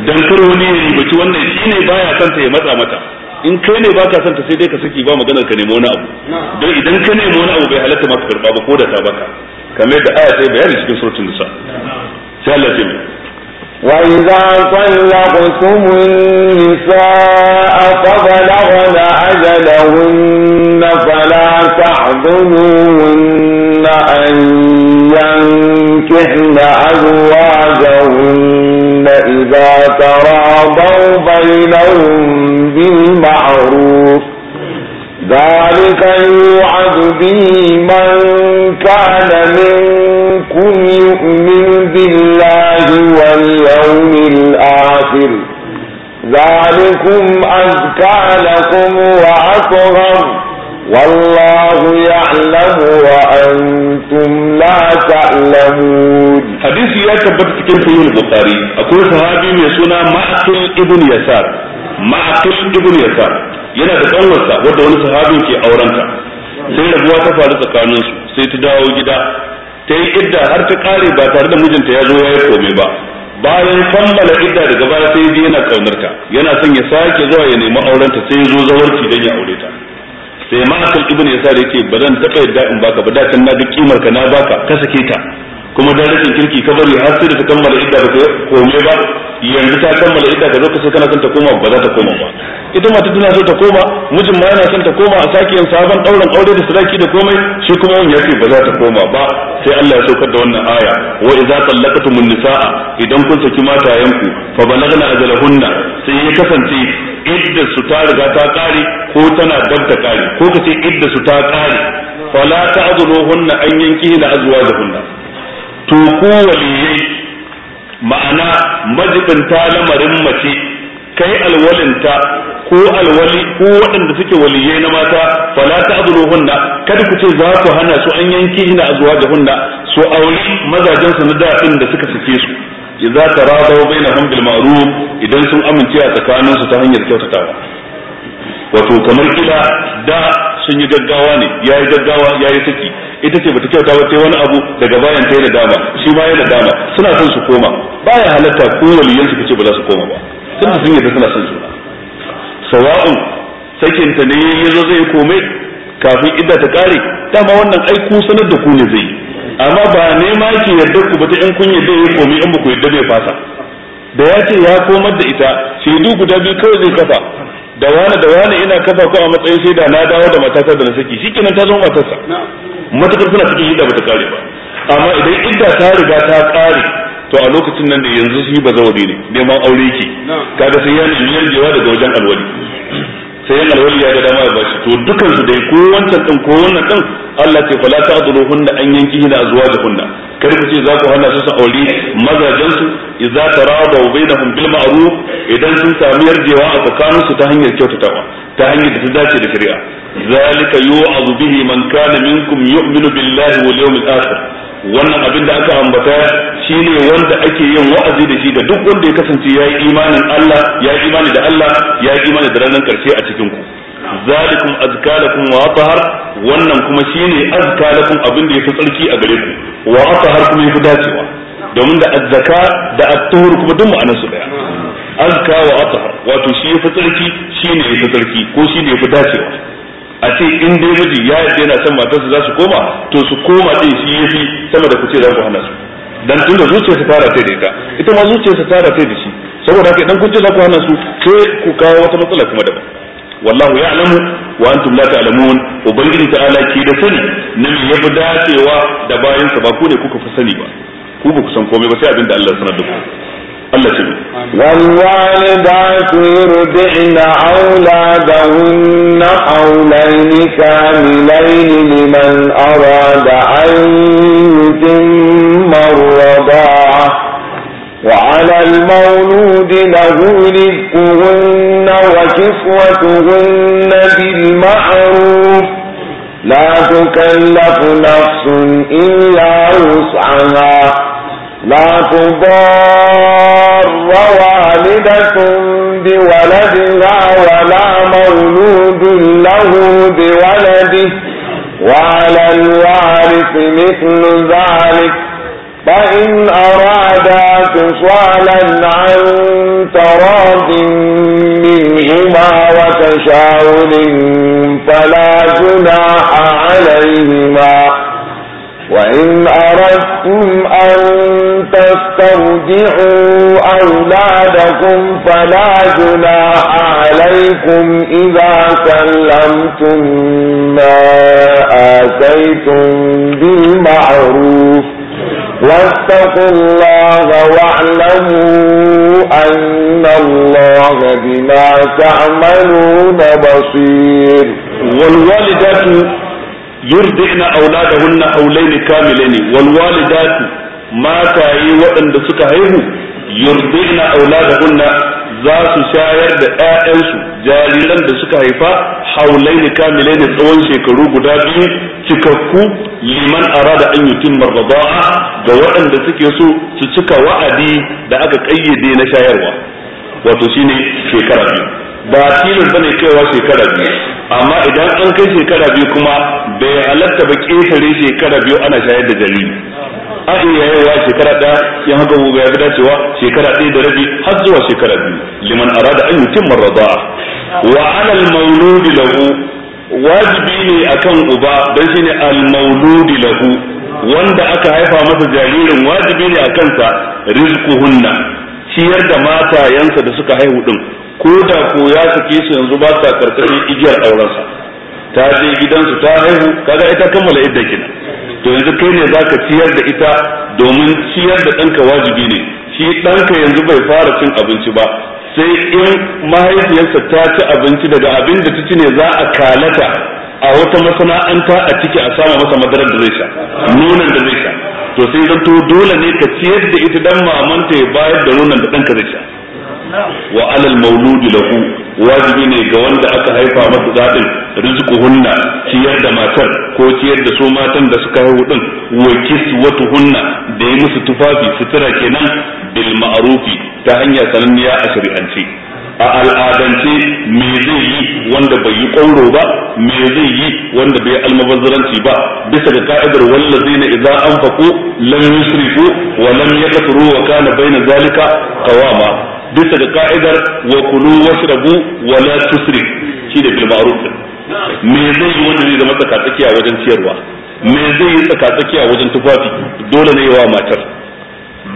S1: dan karo ne ya ribaci wannan shine baya son ta ya matsa mata in kai ne baka son ta sai dai ka saki ba maganar ka nemo wani abu dan idan ka nemo wani abu bai halatta maka karba ba ko da ta baka kamar da aya sai bayani cikin surutun nisa sai Allah ya ce وإذا
S2: طلقتم النساء فبلغن أجلهن فلا تعذلوهن أن ينكحن أزواجهن إذا تراضوا بينهم بالمعروف ذلك يوعد به من كان منكم يؤمن بالله واليوم الآخر ذلكم أزكى لكم وأصغر والله يعلم وأنتم لا
S1: تعلمون حديث يا تبت كيف في البخاري أقول صحابي يسونا معتل ابن يسار معتل ابن يسار yana da ƙanwarsa wadda wani sahabin ke aurenta sai rabuwa ta faru tsakaninsu sai ta dawo gida ta yi idda har ta ƙare ba tare da mijinta ya zo ya yi komai ba bayan kammala idda daga baya sai yana ƙaunarta yana son ya sake zuwa ya nemi aurenta sai ya zo zawarci don ya aure ta sai ma'akal ibn yasar yake ba zan taba yadda in baka ba da na duk kimar ka na baka ka sake ta kuma da rashin kirki ka bari har sai da ta kammala idda ba komai ba yanzu ta kammala idda ka zo ka sai kana son ta koma ba za ta koma ba ita mata tana so ta koma mijin ma yana son ta koma a sake yin sabon dauran aure da sadaki da komai shi kuma wani ce ba za ta koma ba sai Allah ya saukar da wannan aya wa idza tallaqtumun nisaa idan kun saki matayen ku fa balagna ajalahunna sai ya kasance idda su ta riga ta kare ko tana dan ta kare ko kace idda su ta kare fala ta'dhuluhunna an da azwajahunna to ku waliyai ma'ana majibinta lamarin mace kai alwalinta ko alwali ko waɗanda suke waliyai na mata fala ta'dhuluhunna kada ku ce za ku hana su an yanki ina azwajahunna su aure mazajen su na da da suka sake su idza taradaw bainahum bil ma'ruf idan sun amince a tsakanin su ta hanyar kyautatawa wato kamar kila da sun yi gaggawa ne yayi gaggawa yayi saki ita ce bata kyauta ba sai wani abu daga bayan ta da dama shi ma yana dama suna son su koma baya halatta ko waliyan su kace ba za su koma ba sun sun yi suna son su sawa'un sakinta ne yazo zai komai kafin idda ta kare dama wannan ai ku sanar da ku ne zai amma ba nema ke yarda ku ba ta in kun yarda ya komai in ba ku yarda bai fasa da ya ce ya komar da ita shaidu guda biyu kawai zai kafa da wani da wani ina kafa ko a matsayin shaida na dawo da matata da na saki shikenan ta zama matarsa matakar suna cikin idda bata kare ba amma idan idda ta riga ta kare to a lokacin nan da yanzu shi ba zawari ne neman aure ki kaga sai ya nemi yarjewa daga wajen alwali sai yin alwali ya ga dama ya bashi to dukan su dai ko wancan din ko wannan din Allah ce fala hunna an yankihina hunna kar ku ce za ku hana su su aure mazajen su idza taradaw bainahum bil ma'ruf idan sun samu yarjewa a tsakanin su ta hanyar kyautatawa ta hanyar da ta dace da shari'a zalika yu'adhu bihi man kana minkum yu'minu billahi wal wannan abin da aka ambata shine wanda ake yin wa'azi da shi da duk wanda ya kasance yayi imanin Allah yayi imani da Allah yi imani da ranar karshe a cikin ku zalikum azkalakum wa athhar wannan kuma shine azkalakum abin da yafi tsarki a gare ku wa athhar kuma fi dacewa domin da azzaka da atahur kuma duk ma'anar su daya azka wa wato shi yafi tsarki shine yafi tsarki ko shine yafi dacewa a ce in dai miji ya yarda yana son matarsa za su koma to su koma din shi fi sama da kuce za ku hana su dan tunda zuciyarsa ta rataye da ita ita ma zuciyarsa ta rataye da shi saboda haka idan kuce za ku hana su sai ku kawo wata matsala kuma daban wallahu ya'lamu wa antum la ta'lamun ubangiji ta'ala ki da sani ne mai yafi dacewa da bayan sa ba ku ne kuka fi sani ba ku ba ku san komai ba sai abinda da Allah ya sanar da ku
S2: والوالدات يرضعن أولادهن حولين كاملين لمن أراد أن يتم الرضاعة وعلى المولود له رزقهن وكسوتهن بالمعروف لا تكلف نفس إلا وسعها لا تضار ووالدة بولدها ولا مولود له بولده وعلى الوارث مثل ذلك فإن أرادا فصالا عن تراض منهما وتشاول فلا جناح عليهما وإن أردتم أن تسترجعوا أولادكم فلا جناح عليكم إذا سلمتم ما آتيتم بالمعروف واتقوا الله واعلموا أن الله بما تعملون بصير والوالدات
S1: يرضعن أولادهن أولين كاملين والوالدات mataye waɗanda suka haihu yurdina auladahunna za su shayar da ƴaƴansu jariran da suka haifa haulai haulaini ne tsawon shekaru guda biyu cikakku liman arada an yutin marbaba'a ga waɗanda suke so su cika wa'adi da aka ƙayyade na shayarwa wato shine shekara biyu ba tilas bane cewa shekara biyu amma idan an kai shekara biyu kuma bai halatta ba ƙetare shekara biyu ana shayar da jariri a iya yawa shekara ɗaya yan haka mu ya fi dacewa shekara ɗaya da rabi har zuwa shekara biyu liman arada an yi timmar raza'a wa alal mauludi lahu wajibi ne akan uba dan shine al mauludi lahu wanda aka haifa masa jaririn wajibi ne akan sa rizquhunna ciyar da matayensa da suka haihu din ko da ko ya sake su yanzu ba sa karkashin igiyar aurensa ta je gidansu ta haihu kaga ita kammala idda kina to yanzu kai ne zaka ciyar da ita domin ciyar da ɗanka wajibi ne shi ɗanka yanzu bai fara cin abinci ba sai in mahaifiyarsa ta ci abinci daga abin da ta ci ne za a kalata a wata masana'anta a ciki a sama masa madarar da zai sha nonon da zai sha to sai zanto dole ne ka ciyar da ita dan mamanta ya bayar da nonon da ɗanka zai sha wa alal mauludi lahu wajibi ne ga wanda aka haifa masa dadin hunna ciyar da matar ko ciyar da su matan da suka haihu din wa hunna da yi musu tufafi sutura kenan bil ma'rufi ta hanya sananniya a shari'ance a al'adance me zai yi wanda bai yi ƙauro ba me zai yi wanda bai almabazzaranci ba bisa ga ka'idar zai na iza anfaqu lam yusrifu wa lam yaqturu wa kana baina zalika qawama bisa ga ka'idar wa kulu washrabu wa la tusrif shi da bil ma'ruf me zai yi wanda zai zama tsaka tsakiya wajen ciyarwa me zai yi tsaka tsakiya wajen tufafi dole ne yawa matar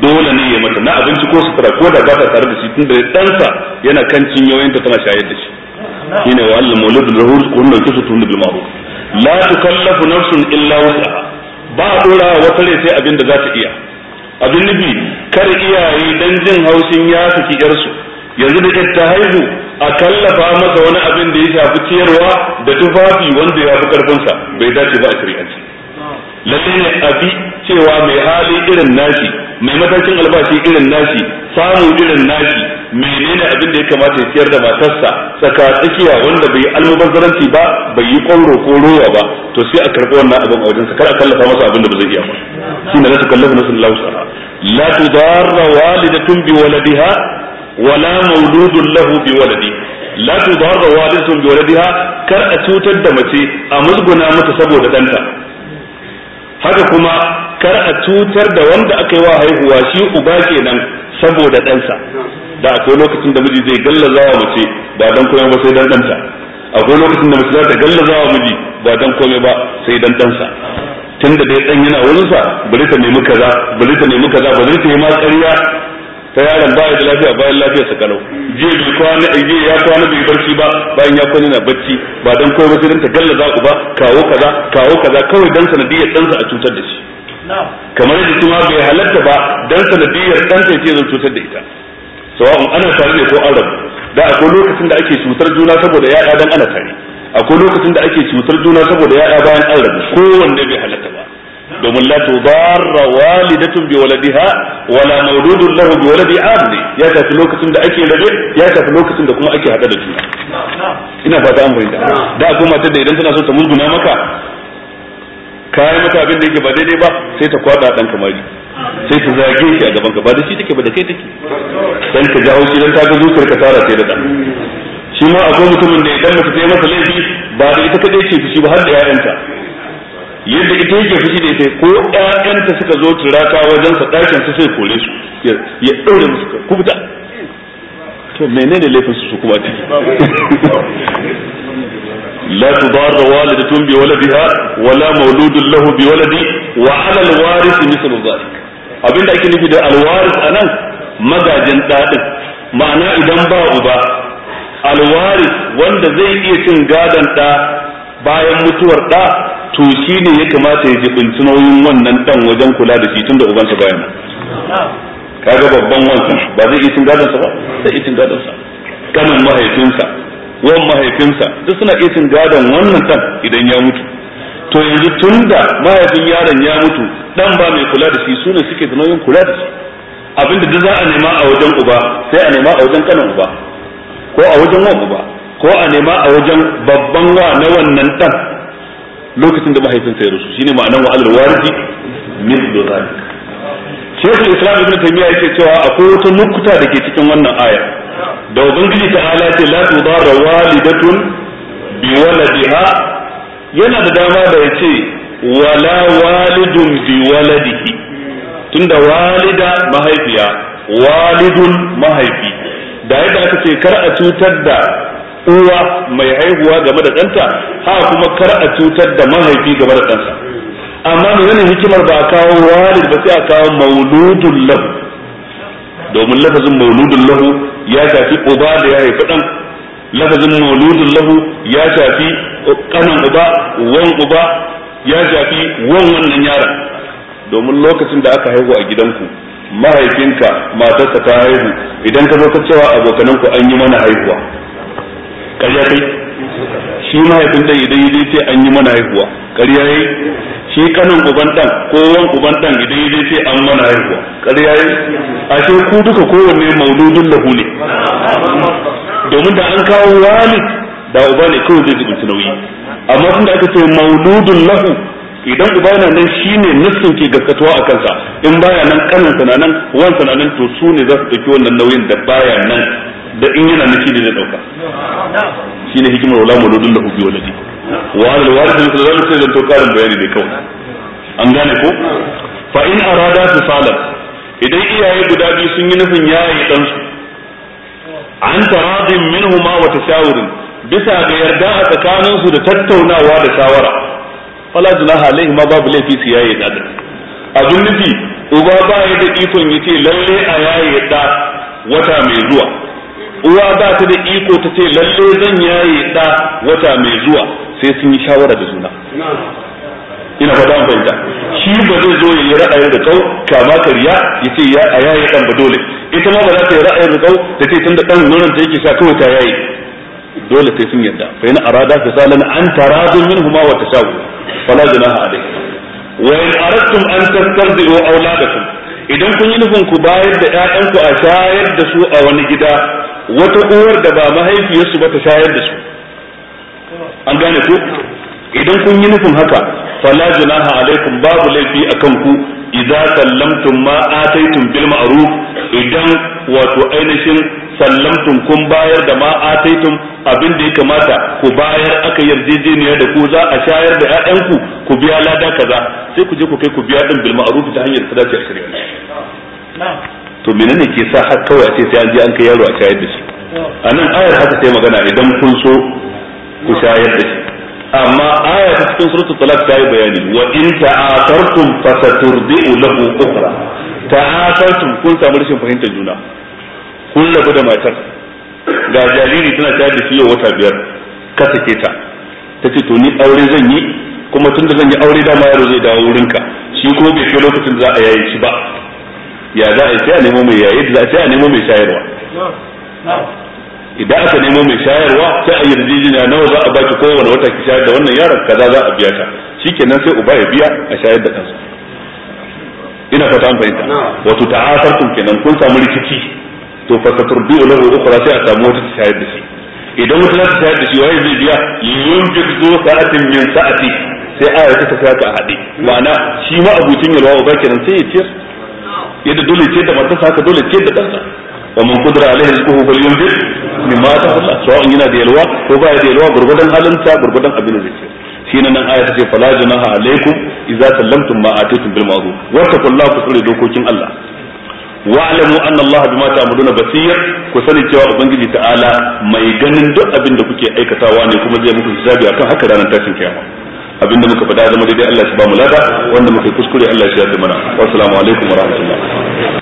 S1: dole ne ya mata na abinci ko sutura ko da ba ta tare da shi tun da ɗansa yana kan cinyoyin ta tana shayar da shi shine wa allama walidul rahul kunna da bil ma'ruf la tukallafu nafsun illa wus'aha ba dora wata rai sai abin da za ta iya abin nufi kar iyaye dan jin haushin ya saki yarsu yanzu da ta haihu a kallafa masa wani abin da ya shafi ciyarwa da tufafi wanda ya fi karfinsa bai dace ba a shari'ance lalle ne abi cewa mai hali irin nashi mai matakin albashi irin nashi samu irin nashi menene abin da ya kamata ya tsayar da matarsa tsaka tsakiya wanda bai almubazzaranci ba bai yi kwauro ko roya ba to sai a karɓi wannan abin a sa kar a kallafa masa abin da ba zai iya
S3: ba
S1: ne la kallafa nasu illa wus'aha la tudarra walidatun bi waladiha wala mawludun lahu bi waladi la tudarra walidatun bi waladiha kar a cutar da mace a musguna mata saboda danta haka kuma kar a cutar da wanda aka yi wa haihuwa shi uba kenan saboda ɗansa da akwai lokacin da miji zai gallaza wa mace ba dan komai ba sai dan ɗanta akwai lokacin da mace za ta gallaza wa miji ba dan komai ba sai dan ɗansa tun da dai ɗan yana wurinsa bari ta nemi kaza bari ta nemi kaza bari ta yi ma ƙarya ta yaron baya da lafiya bayan lafiya sa kalau je bi kwana je ya kwana bai barci ba bayan ya kwana na barci ba dan kowa sai galla za ku ba kawo kaza kawo kaza kawai dan sanadiyar sa a cutar da shi kamar yadda kuma bai halatta ba dan sanadiyar dan ya ce zan cutar da ita sawa'un ana tare ne ko an rabu da akwai lokacin da ake cutar juna saboda ya'ya dan ana tare akwai lokacin da ake cutar juna saboda ya'ya bayan an rabu kowanne bai halatta ba domin la tudarra walidatun bi waladiha wala mawludun lahu bi waladi abdi ya tafi lokacin da ake rabe ya tafi lokacin da kuma ake hada da juna ina fata an bayyana da akwai mata da idan tana so ta munguna maka kai mata abin da yake ba daidai ba sai ta kwada dan kamari sai ta zage shi a gaban ka ba da shi take ba da kai take dan ka ji haushi dan ta ga zuciyar ka tara sai da dan shi ma akwai mutumin da idan mutum ya masa laifi ba da ita kadai ce fushi ba har da 'ya'yanta. yadda ita yake fushi da ita ko ƴaƴanta suka zo turata wajen sa ɗakin su sai kore su ya ɗaure musu kubuta to menene laifin su kuma
S3: ciki
S1: لا تضار والدة بولدها ولا مولود له بولد وعلى الوارث مثل ذلك abin da ake nufi da alwaris a nan magajin ɗaɗin ma'ana idan ba uba alwaris wanda zai iya cin gadon ɗa bayan mutuwar ɗa to shi ne ya kamata ya jibinci nauyin wannan dan wajen kula da shi tunda ubansa baya
S3: nan
S1: kaga babban wancan ba zai isin gadonsa ba sai isin gadonsa kanin mahaifinsa wan mahaifinsa duk suna isin gadon wannan dan idan ya mutu to yanzu tunda mahaifin yaron ya mutu dan ba mai kula da shi su ne suke da nauyin kula da shi abinda duk za a nema a wajen uba sai a nema a wajen kanin uba ko a wajen wan uba ko a nema a wajen babban wa na wannan dan lokacin da mahaifinsa ya rusu shine ma'anar wa alal warisi min zalik Sheikh Islam Ibn taymiya yake cewa akwai wata nukuta da ke cikin wannan aya da ubangiji ta halace la tudara walidatun bi waladiha yana da dama da yace wala walidun bi waladihi tunda walida mahaifiya walidun mahaifi da yadda aka ce kar a cutar da uwa mai haihuwa game da ɗanta ha kuma kar a cutar da mahaifi game da ɗansa amma mai wani hikimar ba a kawo walid ba sai a kawo mauludun lahu domin lafazin mauludun lahu ya shafi uba da ya haifi ɗan lafazin mauludun lahu ya shafi kanan uba wan uba ya shafi wan wannan yaron domin lokacin da aka haihu a gidanku mahaifinka matarsa ta haihu idan ka zo ka cewa abokananku an yi mana haihuwa ƙarya kai shi mahaifin ɗan idan yi sai an yi mana haihuwa ƙarya yi shi kanan uban dan ko wan uban dan idan yi sai an mana haihuwa ƙarya a ashe ku duka kowanne mauludun lahu ne domin da an kawo walid da uba ne kawai zai zubunci nauyi amma da aka ce mauludun lahu idan uba yana nan shi ne nufin ke gaskatuwa a kansa in baya nan kanin sananan nan wan to su ne za su ɗauki wannan nauyin da baya nan da in yana na shi ne zai dauka ne hikimar wala muludun da hubi waladi wajen da warid da sallallahu alaihi karin bayani ne kawai an gane ko fa in arada salar, idan iyaye guda biyu sun yi nufin yayi ɗansu, su an taradin minhuma wa tashawurin bisa ga yarda a tsakanin su da tattaunawa da shawara fala junaha alaihi ma babu laifi su yayi da abin nufi uba baya ya da ikon yace lalle a yayi da wata mai zuwa uwa ba ta da iko ta ce lalle zan yaye da wata mai zuwa sai sun yi shawara da juna
S3: ina fata an fahimta
S1: shi ba zai zo ya yi ra'ayin da kau kama kariya ya ce ya a yaye dan ba dole ita ma ba za ta yi ra'ayin da kau ta ce da dan nuran ta yake sa kawai ta yaye dole sai sun yarda fa ina arada fisalan an taradun huma wa tashawu fala junaha alayhi wa in aradtum an tastardiu auladakum idan kun yi nufin ku bayar da ƴaƴanku a shayar da su a wani gida wata uwar da ba mahaifiyarsu ba ta shayar da su an gane ku idan kun yi nufin haka fala junaha alaikum babu laifi akan ku idza sallamtum ma ataytum bil ma'ruf idan wato ainihin sallamtum kun bayar da ma ataytum abin da ya kamata ku bayar aka yarjejeniya da ku za a shayar da ƴaƴanku ku biya lada kaza sai ku je ku kai ku biya din bil ma'ruf ta hanyar sadaqa shari'a to menene ke sa har kawai a ce sai an je an kai yaro a shayar da shi a nan ayar haka ta yi magana idan kun so ku shayar da shi amma aya ta cikin suratul talaq ta yi bayani wa in ta'atartum fasaturdi'u lahu ukhra ta'atartum kun samu rashin fahimtar juna kun labu da matar ga jariri tana tayar da shi yau wata biyar ka sake ta ta ce to ni aure zan yi kuma tunda zan yi aure dama yaro zai dawo wurinka shi kuma bai kai lokacin da za a yayi shi ba ya za a sai a nemo mai yayi da sai a nemo mai shayarwa idan aka nemo mai shayarwa sai a yarjejeniya nawa za a baki kowane wata ki shayar da wannan yaron kaza za a biya ta shikenan sai uba ya biya a shayar da kansa ina fata an fahimta wato ta'asartum kenan kun samu rikici to fa wa lahu ukhra sai a samu wata shayar da shi idan wata za ta shayar da shi waye zai biya yunjik zu sa'atin min sa'ati sai aya ta tafi ka a ma'ana shi ma abucin yalwa uba kenan sai ya ciyar yadda dole ce da matarsa haka dole ce da ɗansa wa man qudira alaihi rizquhu falyunfiq mimma Allah sawa'un yana da yalwa ko ba da yalwa gurgudan halinta gurgudan abin da zai shi shine nan aya ta ce fala junaha alaikum idza sallamtum ma atitum bil ma'ruf wa taqullaha ku tsare dokokin Allah alamu anna Allah bima ta'maluna basir ku sani cewa ubangiji ta'ala mai ganin duk abin da kuke aikatawa ne kuma zai muku hisabi akan haka ranar tashin kiyama abinda muka faɗa zama daidai Allah shi ba mu lada wanda muka kuskure Allah shi ya mana assalamu alaikum wa